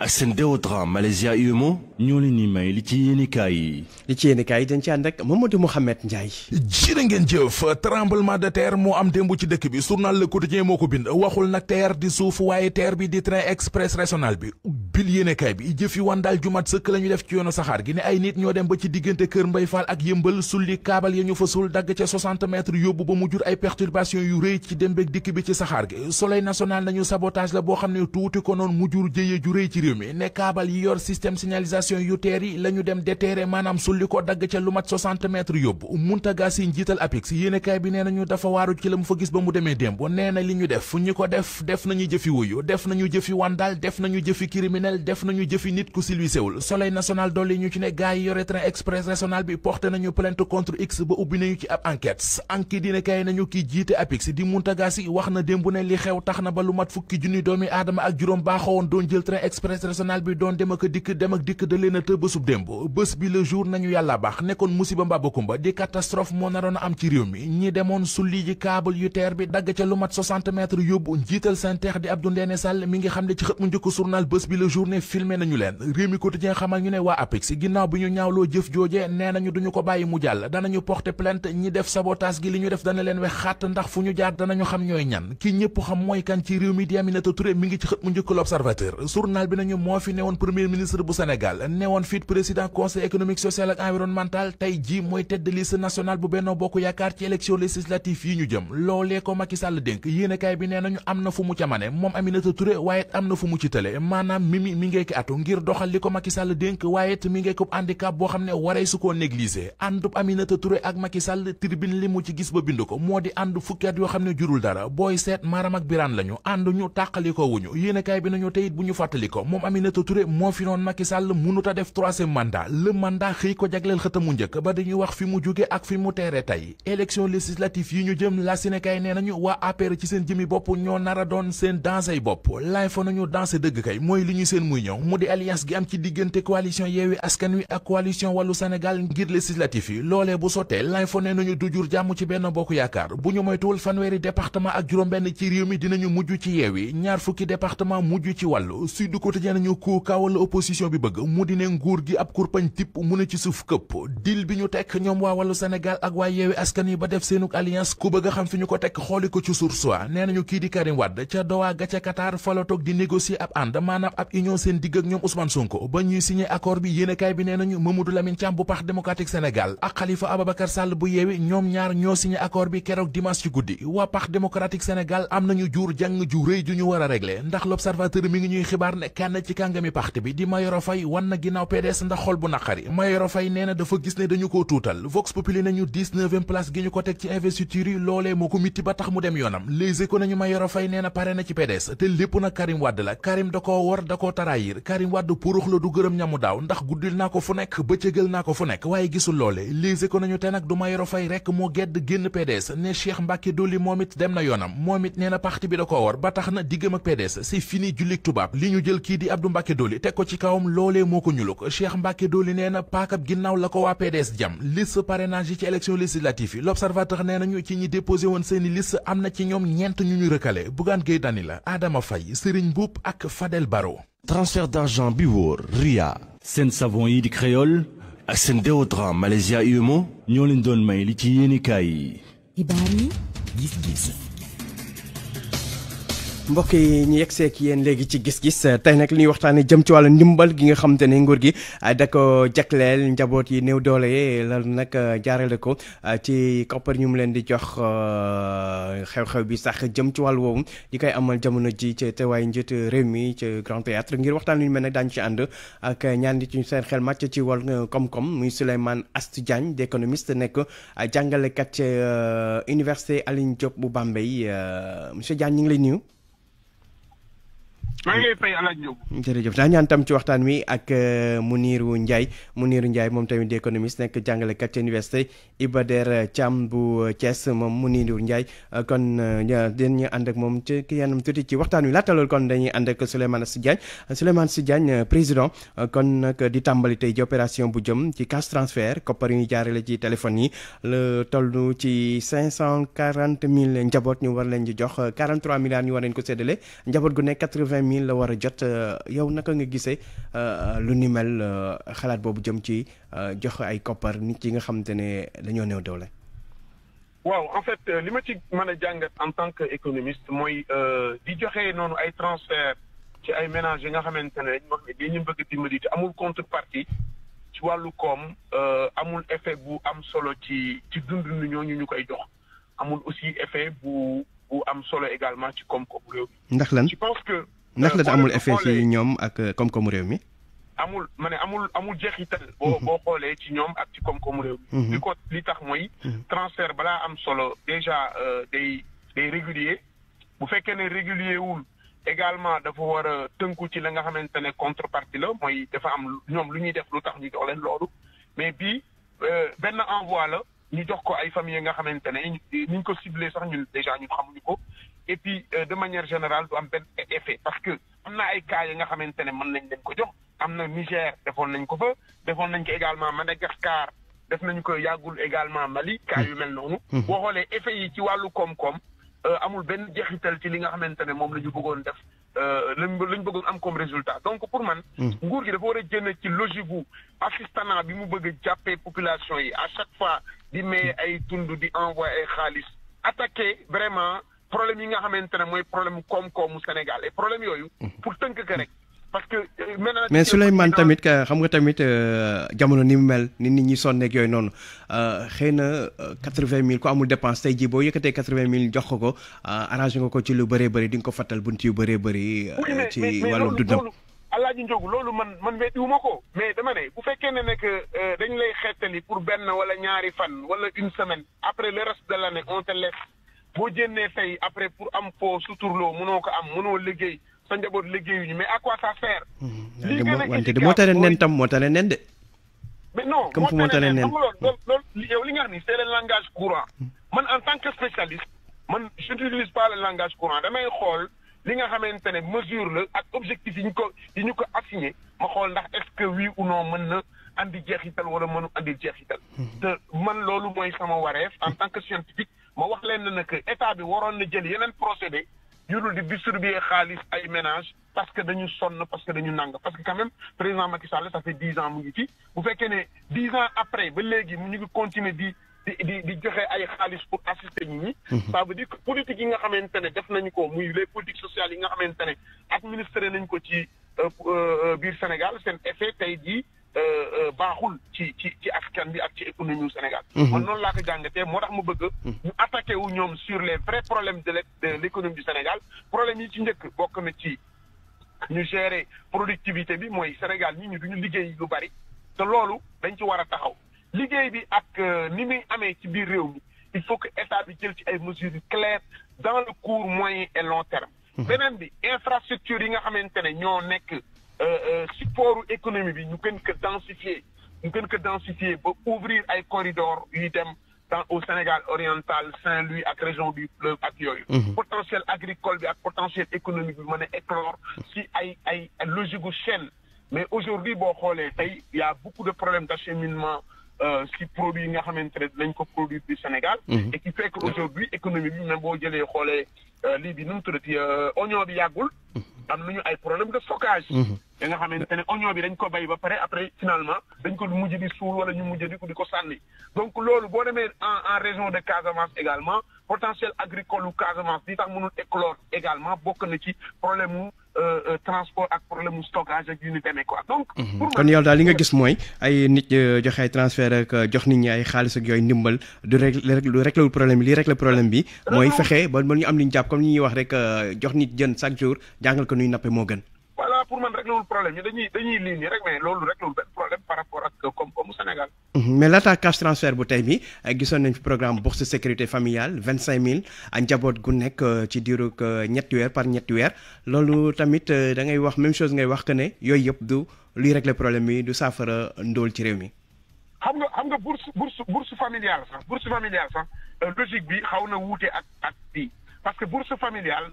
ak seen déodorant Malaysia UMO ñoo leen di may li ci yéenekaay yi li ci yéenekaay yi dañ ci moom ak Mamadou Mouhamed Ndiaye jërë ngeen jëf tremblement de terre moo am démb ci dëkk bi journal Le Quotidien moo ko bind waxul nag terre di suuf waaye terre bi di train express régional bi ubbil yéenekaay bi jëf yi wan daal jumat sëkk la def ci yoonu saxaar gi ne ay nit ñoo dem ba ci diggante kër Mbay Faal ak yëmbal sulli kaabal ya fa sul dagg ca 60 yóbbu ba mu jur ay perturbation yu rëy ci dem ak dikk bi ci saxaar gi soleil national nañu sabotage la boo xam ne tuuti ko noonu mu jur jëye ju rëy ci réew mi ne kaabal yi yor système signalisation yu teer yi dem déterré maanaam sulli ko dagg ca lu mat yóbbu Muntaga Si ba mu demee démb nee na li ñu def def nañu jëfi nit ku silwisewul soleil national dolli ñu ci ne gars yore train express régional bi porté nañu plainte contre x ba ubbi nañu ci ab enquête enquête dina kay nañu kii jiite apix di Mountaga wax na démb ne li xew tax na ba lu mat fukki junni doomi aadama ak juróom baaxowoon doon jël train express régional bi doon dem ak dikk dem ak dikk da leen a démb bés bi le jour nañu yàlla baax nekkoon musiba mbabakumba di a di Abdou Ndéné journée filmé nañu leen réew mi quotidien xamal ñu ne waa APEX ginnaaw bi ñu ñaawloo jëf jooje nee nañu duñu ko bàyyi mu jàll moo fi newoon premier ministre bu Sénégal newoon fit président conseil économique social ak environnemental tey ji mooy tête de liste nationale bu Benno Bokk Yaakaar ci élection législative yi ñu jëm loolee ko Macky Sall dénk yéenekaay bi nee nañu am na fu mu ca mane moom Aminata Touré waaye am na fu mu ci tële mi mi ngeeki atu ngir doxal li ko Macky Sall dénk waaye it mi ngeekub handicap boo xam ne waree su koo négliger àndub Aminata Touré ak Macky Sall tribune li mu ci gis ba bind ko moo di ànd fukki at yoo xam ne jurul dara booy seet maaram ak biraan lañu ànd ñu tàqaliko wuñu yéenekaay bi nañu teyit bu ñu fàttali ko moom Aminata Touré moo fi noon Macky Sall mënut a def troisième mandat le mandat xëy ko jagleel xëtamu njëkk ba dañuy wax fi mu jóge ak a seen muy ñëw mu di alliance gi am ci diggante coalition yeewi askan wi ak coalition wàllu Sénégal ngir législatif yi loolee bu sottee l'info nañu du jur jàmm ci benn bokk yaakaar bu ñu moytuwul fanweeri département ak juróom-benn ci réew mi dinañu mujj ci yeewi ñaar fukki département mujj ci wàllu Sud Quotidien nañu koo kaawal opposition bi bëgg mu di ne nguur gi ab kurpañ tipp mu ne ci suuf këpp dil bi ñu tekk ñoom waa wàllu Sénégal ak waa yeewi askan yi ba def seenuk alliance ku bëgg xam fi ñu ko tekk xooli ko ci Source A nee nañu di Karim union seen digg ak ñoom Ousmane Sonko ba ñuy signé accord bi yéenekaay bi nee nañu Mamadou Lamine Thiam bu Parti démocratique Sénégal ak Khalifa Ababacar Sall bu yeewi a régler ndax l'observateur mi ngi ñuy xibaar ne kenn ci kàngami parti bi di Mayoro Faye wan na ginnaaw PDS ndax xol bu naqari Mayoro Faye nee na dafa gis ne dañu ko tuutal Vox Populi nañu place gi ñu ko teg ci investiture yi loolee moo ko mitti ba tax mu dem yoonam Les Échos nañu Mayoro Faye nee na pare na ci PDS te lépp na Karim Wade la Karim da ko war da ko moo tarayir Karim Wade purux la du gërëm ñamu daaw ndax guddil naa ko fu nekk bëccëgal naa ko fu nekk waaye gisul loole liise ko nañu te nag du Mayoro Faye rek moo gedd génn PDS ne Cheikh Mbacke Dolly moom it dem na yoonam moom it nee na parti bi da koo war ba tax na diggam ak PDS c'est fini jullik tubaab li ñu jël kii di Abdou Mbacke Dolly teg ko ci kawam loolee moo ko ñuluk Cheikh Mbacke Dolly nee na paakab ginnaaw la ko waa PDS jam liste parrainage yi ci élection législative yi l'observateur nee nañu ci ñi déposé woon seeni liste am na ci ñoom ñeent ñu ñu rëkkale Bougane Gueye Dany la Adama Faye Serigne Mboup ak Fadel Barro transfert d'argent bi wóor Ria. seen savon yi di créole. ak seen déodorant Malaysia Umo. ñoo leen doon may li ci yéenikaay yi. xibaar yi gis-gis. mbokk yi ñu yegg seek yéen léegi ci gis-gis tey nag li ñuy waxtaanee jëm ci wàllu ndimbal gi nga xam te ne nguur gi ah, da ko jagleel njaboot yi néew doole yi loolu nag ah, jaarale ko ah, ci koppar ñu mu leen di jox xew-xew bi sax jëm ci wàllu woowu di koy amal jamono ji ci teewaayu njiit réew mi ci Grand Théâtre waxtaan lu mel nag daañu ci ànd ak ñaan di ci seen xel màcc ci wàllu koom-koom muy Souleymane Astou Diagne di économiste nekk jàngalekat ci université Alioune Diop bu Bambey monsieur Diagne ñu ngi lay nuyu. Okay. jërëjëf dañu antam ci waxtaan mi ak muniru njay muniru njay moom tamit d' économiste nekk jàngalekat ci université ibader eh, cam bu thiès eh, moom muniru njay eh, kon ña ya, dañ ñu ànd ak moom ci yanam tuuti ci waxtaan wi laata loolu kon dañuy ànd ak souleymane sidiagne souleymane sidiagne président kon nag di tàmbali tey ji opération bu jëm ci cash transfert koppar yu ñu jaarale ci téléphone yi le toll nu ci 540 000 njaboot ñu war leen ñu jox 43 milliards ñu war leen ko séddale njaboot gu nekk 80 mille la war a jot euh, yow naka nga gisee euh, lu ni mel euh, xalaat boobu jëm ci jox ay koppar nit yi nga xamante ne dañoo néew doole. waaw en fait li ma ci mën a jàngat en tant que économiste mooy di joxe noonu ay transfert ci ay ménages yi nga xamante ne dañ wax ne dañu bëgg dimbali te amul contrepartie ci wàllu koom amul effet bu am solo ci ci dund nu ñooñu ñu koy jox amul aussi effet bu bu am solo également ci koom-koomu réew mi. ndax lan je pense que ndax la euh, amul effet ci ñoom ak koom-koomu réew mi. amul ma ne amul amul jeexital. Mhm. boo boo xoolee ci ñoom ak ci koom-koomu réew mi. Mhm. li ko li tax mooy. Mhm. transfert balaa am solo déjà euh, day day régulier bu fekkee ne régulier wul également dafa war a tënku ci la nga xamante ne contrepartie la mooy dafa am ñoom lu ñuy def lu tax ñu jox leen loolu mais bii euh, benn envoi la ñu jox ko ay famille nga xamante ne ni ñu ko ciblé sax ñun déjà ñun xamuñu ko et puis euh, de manière générale du am ben effet parce que am na ay cas yi nga xamantene ne mën nañ leen ko jox am na Niger defoon nañ ko fa defoon nañ ko également Madagascar def nañ ko yagul également Mali cas yu mel noonu mhm. boo xoolee effet yi ci wàllu koom-koom euh, amul benn jeexital ci li nga xamantene moom la ñu bëggoon def euh, lañ bëggoon am comme résultat donc pour man mhm. nguur gi dafa war a jënd ci logique gu assistanat bi mu bëgg population yi à chaque fois di may ay tund di envoyé ay xaalis attaqué vraiment problème yi nga xamante ne mooy problème koom-koomu Sénégal et problème yooyu. Mhm. pour tënk ko rek. parce que euh, maintenant mais man tamit xam nga tamit euh, jamono ni mu mel ni nit ñi sonneeg yooyu noonu euh, xëy na quatre-vingt mille ku amul dépense tey jii boo yëkkatee quatre-vingt mille jox ko ko arrangé nga ko ci lu bëree bëri di nga ko fattal bunt yu bëree bëri. ci wàllu dundam alaaji njóogu loolu man man weddi wu ko. mais dama ne bu fekkee ne nekk dañ lay pour benn wala ñaari fan wala une après le reste de l'année bo jenne tey après pour am fo suturloo mënoo ko am mënoo liggéey sa njaboot liggéeyuñu mais à quoi ça sert. Mm-hmm. lii gën a wante de mo tane nen tam mo tane nen de. mais non comme pour mo tane nen loolu loolu yow li nga ni c'est le langage courant. Mm-hmm. man en tant que spécialiste man je n'utilise pas le langage courant damay xol li nga xamante ne mesure le ak objectif yi ñu ko yi ñu ko assigné ma xol ndax est-ce que oui ou non mën na. andi jeexital wala mënu andi jeexital. Mm-hmm. te man loolu mooy sama wareef en tant que scientifique ma wax leen na que état bi waroon na jël yeneen procédé yu di distribuer xaalis ay ménage parce que dañu sonn parce que dañu nang parce que quand même président Macky Sall ça fait dix ans mu ngi fi bu fekkee ne dix ans après ba léegi mu ñu ngi continuer di di di joxe ay xaalis pour assister nit ñi. Mhm. ça veut dire que politique yi nga xamante ne def nañu ko muy les politiques sociales yi nga xamante ne administré nañu ko ci euh, euh, biir Sénégal seen effet tey jii. Euh, euh, baaxul ci ci ci askan bi ak ci économie wu Sénégal. Mhm. man noonu laa ko jàngatee moo tax mu bëgg. ñu mhm. attaqué wu ñoom sur les vrais problèmes de l' économie du Sénégal problème yi ci njëkk bokk na ci ñu gérer productivité bi mooy Sénégal ñi ñu duñu liggéey lu bari te loolu dañ ci war a taxaw liggéey bi ak euh, ni muy amee ci biir réew mi il faut que état bi jël ci ay mesures claires dans le court moyen et long terme. Mhm. beneen bi infrastructure yi nga xamante ne ñoo nekk. Euh, euh, supportu économique. bi ñu que densifier nous pouvons que densifier pour ouvrir un corridor au Sénégal oriental Saint-Louis à région du Fleuve ak mhm. potentiel agricole bi ak potentiel économique bi mën a éclore si ay ay logique chaîne mais aujourd'hui il y a beaucoup de problèmes d'acheminement euh, produit nga xamante ne dinañ ko produire du Sénégal. Mhm. et qui fait qu'aujourd'hui aujourd'hui économie même boo jëlee xoolee euh, lii bi nu mu tuddati euh, oignon bi yàggul. Mhm. am ay problème de stockage. Et mhm. nga xamante ne oignon bi dañ ko bay après finalement dañ ko mujj di suul wala ñu mujj di ko di ko donc l'eau le demee en en région de Casamance également potentiel agricole ou Casamance di tax mënul éclore également beaucoup na ci problème Euh, euh, transport ak mhm. kon yow daal li nga gis mooy ay nit euh, joxe ay transfert ak jox nit ñi ay xaalis ak yooyu ndimbal du rek lu rek lawul problème bi li rek la problème bi. mooy fexe ba ma ñu am li ñu jàpp comme ni ñuy wax rek jox nit jën chaque jour jàngal ko nuy nappee moo gën. par rapport ak comme au Sénégal. Mhm. mais laata cash transfert bu mi, bi eh, gisoon nañ programme bourse sécurité familiale 25 000, mille njaboot gu nekk euh, ci diiru euh, ñetti weer par ñetti weer loolu tamit euh, da ngay wax même chose ngay wax que ne yooyu yëpp du luy régler problème yi du saafara ndóol ci réew mi. xam nga xam nga bourse bourse familiale sax bourse familiale sax logique bi xaw na wuute ak ak bii parce que bourse familiale.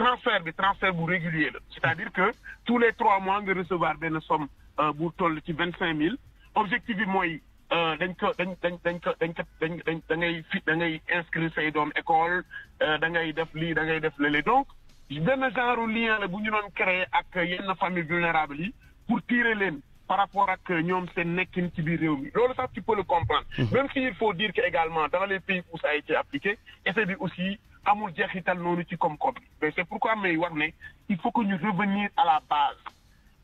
transfert bi transfert bu régulier c'est-à-dire que tous les trois mois de recevoir benn somme pour euh, toll ci vingt cinq mille objectif bi mooy euh, dañ ko dañ dañ les enfants. dañ ko dañ da ngay fi say doom école euh, def def donc genre lien la bu ñu doon créer ak yenn famille vulnérable yi pour tirer leen par rapport ak ñoom seen nekkin ci biir réew mi loolu ça tu peux le comprendre mmh. même si il faut dire que également dans les pays où ça a été appliqué essai bi aussi amul jeexital noonu ci comme comme bi mais c'est pourquoi mais wax il faut que nous revenir à la base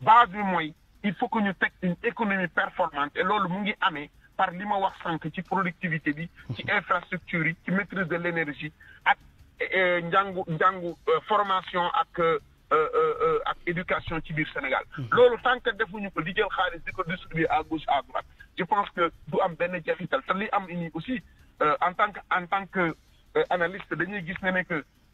base bi mooy il faut que nous une économie performante et loolu mu amé par li sans wax productivité bi ci infrastructure yi maîtrise de l'énergie ak euh, euh, formation ak euh, ak éducation au Sénégal. Sénégal hmm. le tant que defuñu ko di jël xaalis distribuer à gauche à droite je pense que nous avons bénéficié jaxital te aussi en tant qu'analyste, en tant que analyste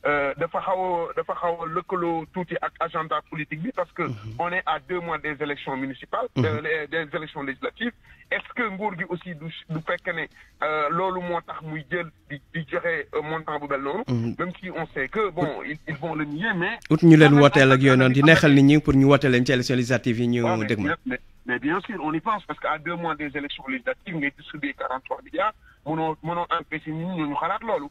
euh, dafa xaw dafa xaw a lëkkaloo tuuti ak agenda politique bi parce que mhm. on est à deux mois des élections municipales mhm. euh, des élections législatives est-ce que nguur gi aussi du du fekk ne euh, loolu moo tax muy jël di di joxe montant bu mel noonu mhm. même si on sait que bon ils vont le nier mais ut ñu leen wooteel ak yooyu noonu di neexal nit ñi pour ñu woote leen ci élections législatives yi ñu dëg ma mais bien sûr on y pense parce que à deux mois des élections législatives ngay distribuer quarante trois milliards mënoo mënoo empêcher nit ñi ñu xalaat loolu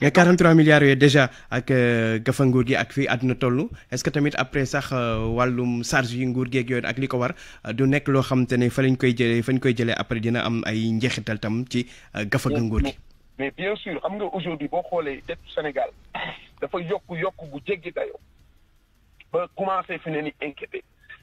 mais 43 milliards yooyu déjà ak euh, gafa nguur gi ak fi àdduna toll est-ce que tamit après sax euh, wàllum charge yi nguur geeg yooyu ak li ko war euh, du nekk loo xam te ne fa lañ koy jëlee fa koy jëlee après dina am ay njeexital tam ci gafa ga nguur gi. mais bien sûr xam nga aujourd'hui boo xoolee dette Sénégal dafa yokk yokk bu jéggi dayo ba commencé fi ne ni inquiété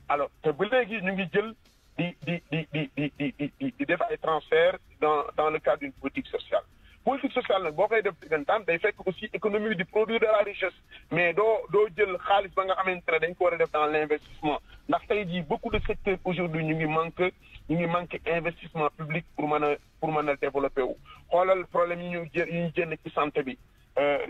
alors te ba léegi ñu ngi jël di di di di di di di di def ay transfert dans dans le cadre d'une politique sociale politique sociale nag boo koy def digantaan day fekk aussi économie du produit de la richesse mais doo doo jël xaalis ba nga xamante ne dañ ko war a def dans l' investissement ndax tey jii beaucoup de secteurs aujourd'hui ñu ngi manque ñu ngi manque investissement public pour mën a pour mën a développer wu xoolal problème yi ñu yi ñu jënd ci santé bi euh,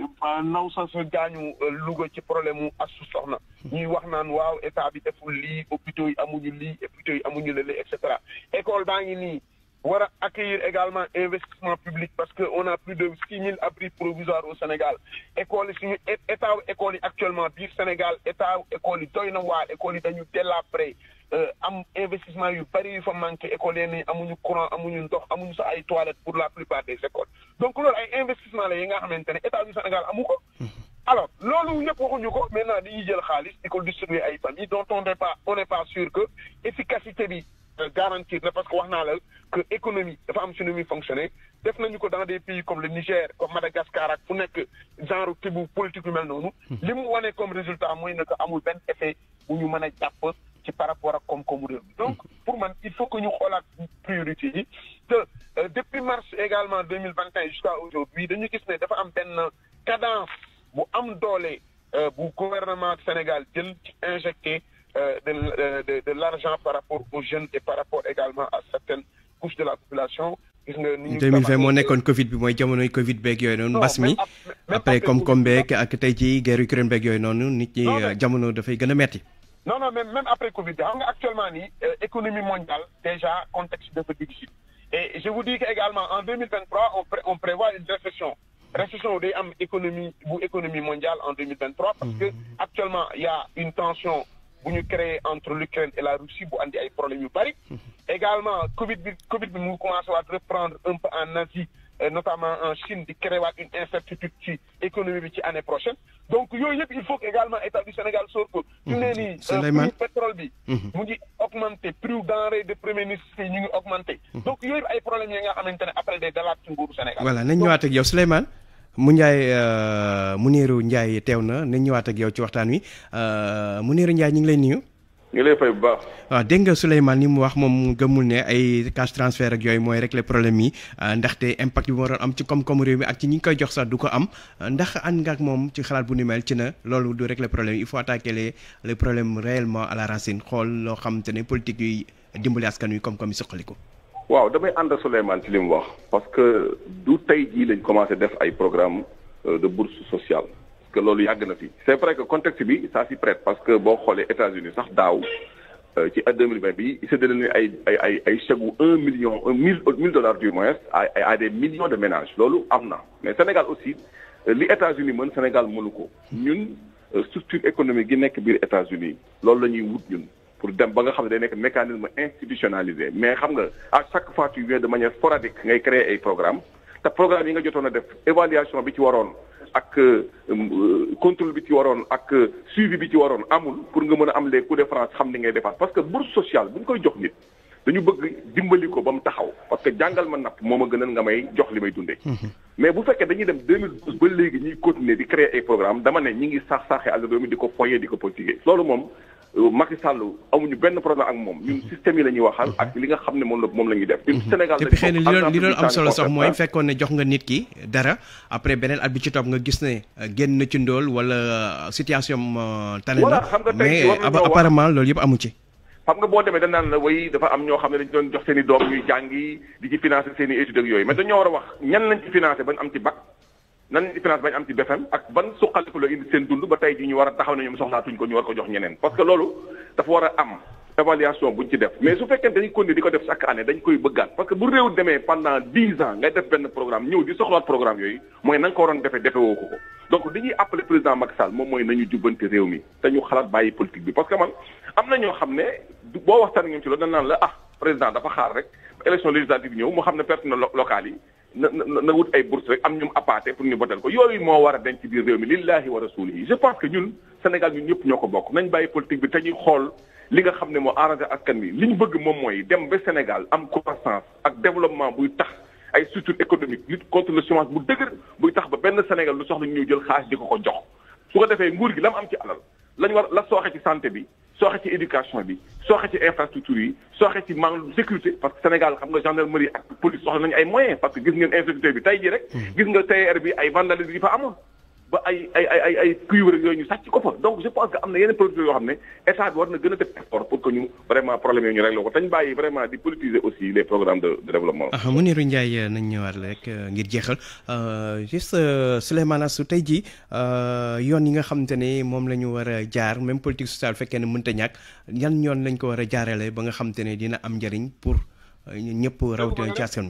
naw sa sa gaañu euh, Louga ci problème mu asu soxna ñuy wax naan waaw état bi deful lii hôpitaux yi amuñu lii hôpitaux yi amuñu lële et cetera école baa ngi nii on accueillir également investissement public parce qu'on a plus de 6000 000 abris provisoires au Sénégal école état école actuellement Bif Sénégal état école yi école yi dañu euh, investissement yu les yu école il amuñu courant amuñu faut amuñu sax toilettes pour la plupart des écoles donc l'investissement, ay investissement la état du Sénégal mhm. alors ce que nous ko maintenant dañuy jël Khalis, distribuer famille dont on n'est pas pas sûr que lefficacité garantir parce qu'on a la que l'économie dafa am fonctionner def nañu ko dans des pays comme le Niger comme Madagascar ak fu nekk genre tibu politique humaine, mel noonu. Hmm. li mu comme résultat mooy ne que amul benn effet bu ñu mën a jàpp ci par rapport à comme koomu donc hmm. pour man il faut que ñu xoolaat priorité yi euh, depuis mars également 2021 jusqu'à aujourd'hui dañu gis ne dafa am benn cadence bu am doole euh, bu gouvernement Sénégal jël injecté. Euh, de, euh, de, de l'argent par rapport aux jeunes et par rapport également à certaines couches de la population. En 2020 moo nekkoon euh, Covid bi mooy jamonoy Covid mi après comme comme beeg ak tey guerre Ukraine beeg non, non, nit ñi jamono dafay gën a metti. non non même même après Covid actuellement ni économie mondiale déjà contexte de difficile. et je vous dis également en 2023 on on prévoit une récession. récession de l'économie économie économie mondiale en 2023. parce que mmh. actuellement il y a une tension bu ñu créé entre l'Ukraine et la Russie bu andi ay problèmes de bari. Mhm. également Covid Covid bi mu commencé à reprendre un peu en Asie euh, notamment en Chine di créer une incertitude ci économie bi ci prochaine donc il faut également état du Sénégal sur le su ne mhm. euh, pétrole bi. Mhm. mu ngi augmenter prix de premier ministre yi ñu ngi augmenter donc yoy ay problèmes yi nga à après les dalaat ci Sénégal. voilà nañ ñëwaat ak yow Souleymane. mu Ndiaye euh, Mounirou Ndiaye teew na nañ ñëwaat ak yow ci waxtaan wi euh, Mounirou Ndiaye ñu ngi lay nuyu. ñu ngi lay fay bu baax. waaw dégg nga Souleymane li mu wax moom gëmul ne ay cash transfert ak yooyu mooy régler problème yi euh, ndaxte impact bi moo doon am ci koom-koomu réew mi ak ci ñi ñu koy jox sax du ko am ndax ànd nga ak moom ci xalaat bu ni mel ci na loolu du régler problème il faut attaquer les les problèmes réellement à xool loo xam te ne politique yuy dimbali askan wi koom-koom yi suqaliku. waaw damay ànd ak Souleymane ci li mu wax parce que du tey jii lañ commencé def ay programme euh, de bourse sociale parce que loolu yàgg na fi c' est vrai que contexte bi ça s'y prête parce que boo xoolee États-Unis sax daaw euh, ci at 2020 bi séddale nañu ay ay ay ay chèque wu un million un mille mille dollars du moins ay ay des millions de ménages loolu am na mais Sénégal aussi euh, li États-Unis mën Sénégal mënu ko ñun structure économique gi nekk biir États-Unis loolu la ñuy wut ñun pour dem ba nga xam ne day nekk mécanisme institutionnalisé mais xam nga à chaque fois tu viens de manière sporadique ngay créer ay programme te programme yi nga jotoon a def évaluation bi ci waroon ak euh, euh, contrôle bi ci waroon ak euh, suivi bi ci waroon amul pour nga mën a am les coups de France xam ni ngay defar parce que bourse social bu ñu koy jox nit dañu bëgg dimbali ko ba mu taxaw parce que jàngal ma napp moom a gënal nga may jox li may dundee. Mhm. mais bu fekkee dañuy dem 2012 léegi ñuy continuer di créer dama ne ñi ngi saax saaxee àll di ko foyee di ko politiquer loolu moom. Macky Sall amuñu benn problème ak moom ñun système yi la ñuy waxal ak li nga xam ne moom la moom la def ñun mhm. Sénégal dañu xëy li li doon am solo sax mooy fekkoon ne jox nga nit ki dara après beneen at bi ci topp nga gis ne euh, génn ci ndóol wala euh, situation euh, tane na mais apparemment loolu yëpp amu ci xam nga boo demee dana la way dafa am ñoo xam ne dañu doon jox seen i doom ñuy jàngi di ci financer seen i ak yooyu mais dañoo war wax ñan lañ ci financer ba am ci bac nan différence bañ am ci BFM ak ban suqaliku la indi seen dund ba tey ji ñu war a taxaw ne ñoom soxlaatuñ ko ñu war ko jox ñeneen parce que loolu dafa war a am évaluation buñ ci def mais su fekkee dañuy continuer di ko def chaque année dañ koy bëggaat parce que bu réew demee pendant dix ans ngay def benn programme ñëw di soxlaat programme yooyu mooy na ko waroon defee defe woo ko donc dañuy appeler président Macky Sall moom mooy nañu jubbante réew mi te ñu am na ñoo xam ne boo waxtaan ñoom ci loolu dañ naan la ah président dafa xaar rek élection législative yi na na wut ay bourse rek am ñum appâté pour ñu botal ko yooyu moo war a ci biir réew mi lillahi wa rasulihi je pense que ñun Sénégal ñun ñëpp ñoo ko bokk nañ bàyyi politique bi te ñuy xool li nga xam ne moo ak kan bi li ñu bëgg moom mooy dem ba Sénégal am croissance ak développement buy tax ay surtout économique lutte contre le chômage bu dëgër buy tax ba benn Sénégal lu soxla ñu jël xaalis di ko ko jox su ko defee nguur gi la mu am ci alal lañ war la sooxe ci santé bi Soit l'éducation, éducation bi Soit infrastructure sécurité parce que Sénégal xam nga gendarmerie ak police soxla moyens parce que gis ngeen insécurité bi tay rek. Hmm. nga ba ay ay ay ay cuivre yooyu ñu sàcc ko fa donc je pense que am na yeneen producteurs yoo xam ne état war na gën a def effort pour que ñu vraiment problème yooyu ñu réglé ko tañ bàyyi vraiment di politiser aussi les programmes de développement. Ah, Mounirou Ndiaye nañ ñëwaat rek euh, ngir jeexal euh, juste euh, Souleymane su tey jii yoon yi nga xamante ne moom la ñu war a jaar même politique sociale bu fekkee ne mënta ñàkk yan yoon lañ ko war a jaarale ba nga xamante ne dina am njëriñ pour ñëpp rawatina ci askan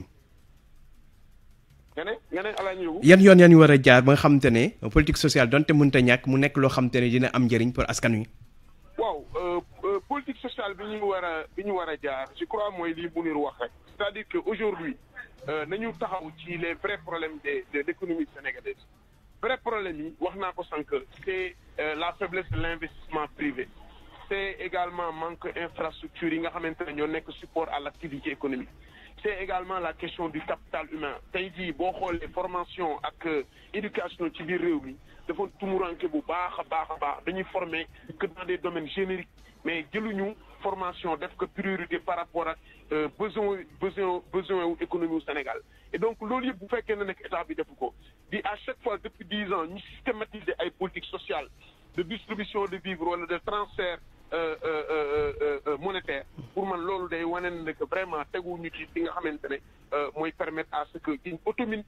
yan yoon yan ñu war a jaar ba nga xamante ne politique sociale donte mënta ñàkk mu nekk loo xamante ne dina am njëriñ pour askan wi. waaw euh, euh, politique sociale bi ñu war a bi ñu war a jaar je crois mooy li Mounir wax rek. c'est-à-dire que aujourd'hui euh, nañu taxaw ci les vrais problèmes de de l'économie sénégalaise vrai problème yi wax naa ko sànq c'est la faiblesse de l'investissement privé c'est également manque infrastructure yi nga xamante ne ñoo nekk support à l'activité économique c'est également la question du capital humain à à dire les formations et euh, l'éducation ci sont réunies. mi tout tout bu monde que vous dañuy que dans des domaines génériques mais l'union formation d'être que priorité par rapport aux euh, besoins besoin besoin économiques au Sénégal et donc l'olie vous bu fekkee ne état bi à chaque fois depuis 10 ans nous systématiser les politiques sociales de distribution de vivres de transfert euh, euh, euh, monétaire pour man loolu day wane ne que vraiment c'est ci fi nga xamante moi permettre à ce que une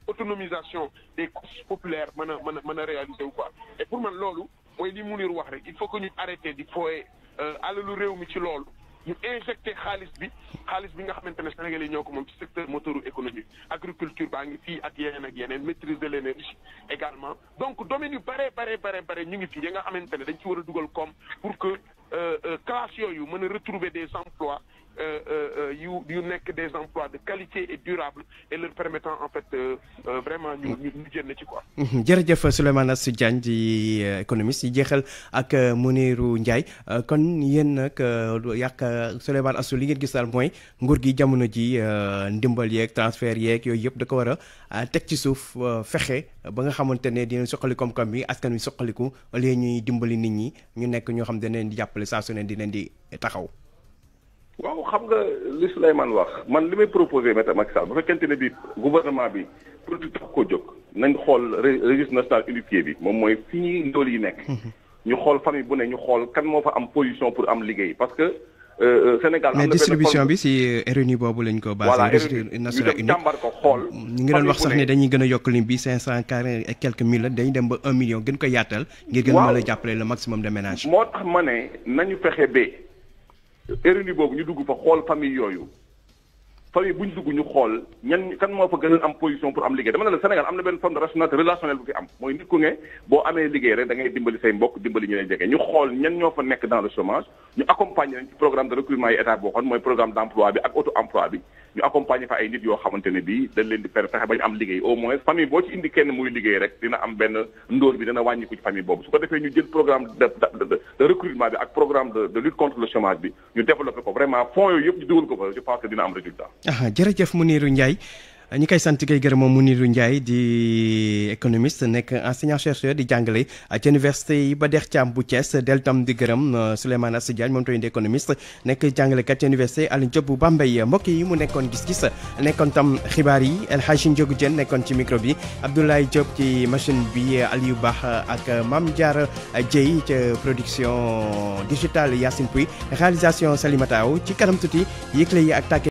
autonomisation des couches populaires mën a mën réaliser quoi et pour man loolu mooy li munir wax rek il faut que ñu arrêtions, il faut aller réew mi ci loolu nous injecté xaalis bi xaalis bi nga xamante ne Sénégal yi ci secteur moteur économique agriculture banque, fi, fii ak ak maîtrise de l'énergie également donc domaine yu bare bare bare bare ñu ngi fi yi nga xamante ne dañ ci pour que Euh, euh, classes yooyu mën a retrouver des emplois Euh, euh, euh, yu yu nekk des emplois de qualité et durable et leur permettant en fait euh, vraiment ñu ñu jënd ci quoi. Mhm. jërëjëf Souleymane Astou Diagne di économiste yi jeexal ak Mounirou Ndiaye kon yéen nag yak Souleymane Astou li ngeen gis daal mooy nguur gi jamono ji ndimbal yeeg transfert yeeg yooyu yëpp da ko war a ci suuf fexé ba nga xamantene dina soxali koom-koom bi askan wi soxaliku au lieu ñuy dimbali nit ñi ñu nek ñoo xam ne dinañ di jàppale saa su ne dinañ di taxaw waaw xam nga li Souleymane wax man li may proposé Maître Macky Sall bu fekkente ne bi gouvernement bi politique tax ko jóg nañ xool registre national unifié bi moom mooy fi ñuy loolu yi nekk mhm. ñu xool famille bu ne ñu xool kan moo fa am position pour am liggéey parce que euh, euh, Sénégal mais distribution bi si euh, RNU boobu lañ ko basé. registre national unique jàmbar mm, ñu ngi doon wax sax ne dañuy gën a yokk lim bi cinq cent quarante et quelques mille la dañuy dem ba un million gën ko yaatal. ngir gën a mën a jàppale le maximum de ménage. moo tax ma ne nañu fexe ba. réunion boobu ñu dugg fa xool famille yooyu famille bu ñu dugg ñu xool ñan kan moo fa gën a am position pour am liggéey dama ne la Sénégal am na benn forme de rationalité relationnelle bu fi am mooy nit ku ne boo amee liggéey rek da dimbali say mbokk dimbali ñu leen jege ñu xool ñan ñoo fa nekk dans le chômage ñu accompagner leen ci programme de recrutement yi état boo xoon mooy programme d' bi ak auto emploi bi ñu accompagner fa ay nit yoo xamante ne bii dañ leen di per fexe ba ñu am liggéey au moins famille boo ci indi kenn muy liggéey rek dina am benn ndóor bi dana wàññiku famille boobu su ko defee ñu jël programme de de recrutement bi ak programme de de lutte contre le chômage bi ñu développé ko vraiment fonds yooyu yëpp ñu dugal ko fa je pense dina am résultat. Ah, jërëjëf Mounirou Ndiaye ñi koy sant kay gërëm moom Mounirou Ndiaye di économiste nekk enseignant chercheur di jàngale ci université Iba Der Thiam bu Thiès del tam di gërëm euh, Souleymane Assa Diagne moom tamit di économiste nekk jàngalekat ci université Alioune Diop bu Bambey mbokk yi mu nekkoon gis-gis nekkoon tam xibaar yi El Hadji Ndiogou Diène nekkoon ci micro bi Abdoulaye Diop ci machine bi Aliou Baax ak Mame Diarra Dieye ci production digitale Yacine Pouy réalisation Salimata Aw ci kanam tuuti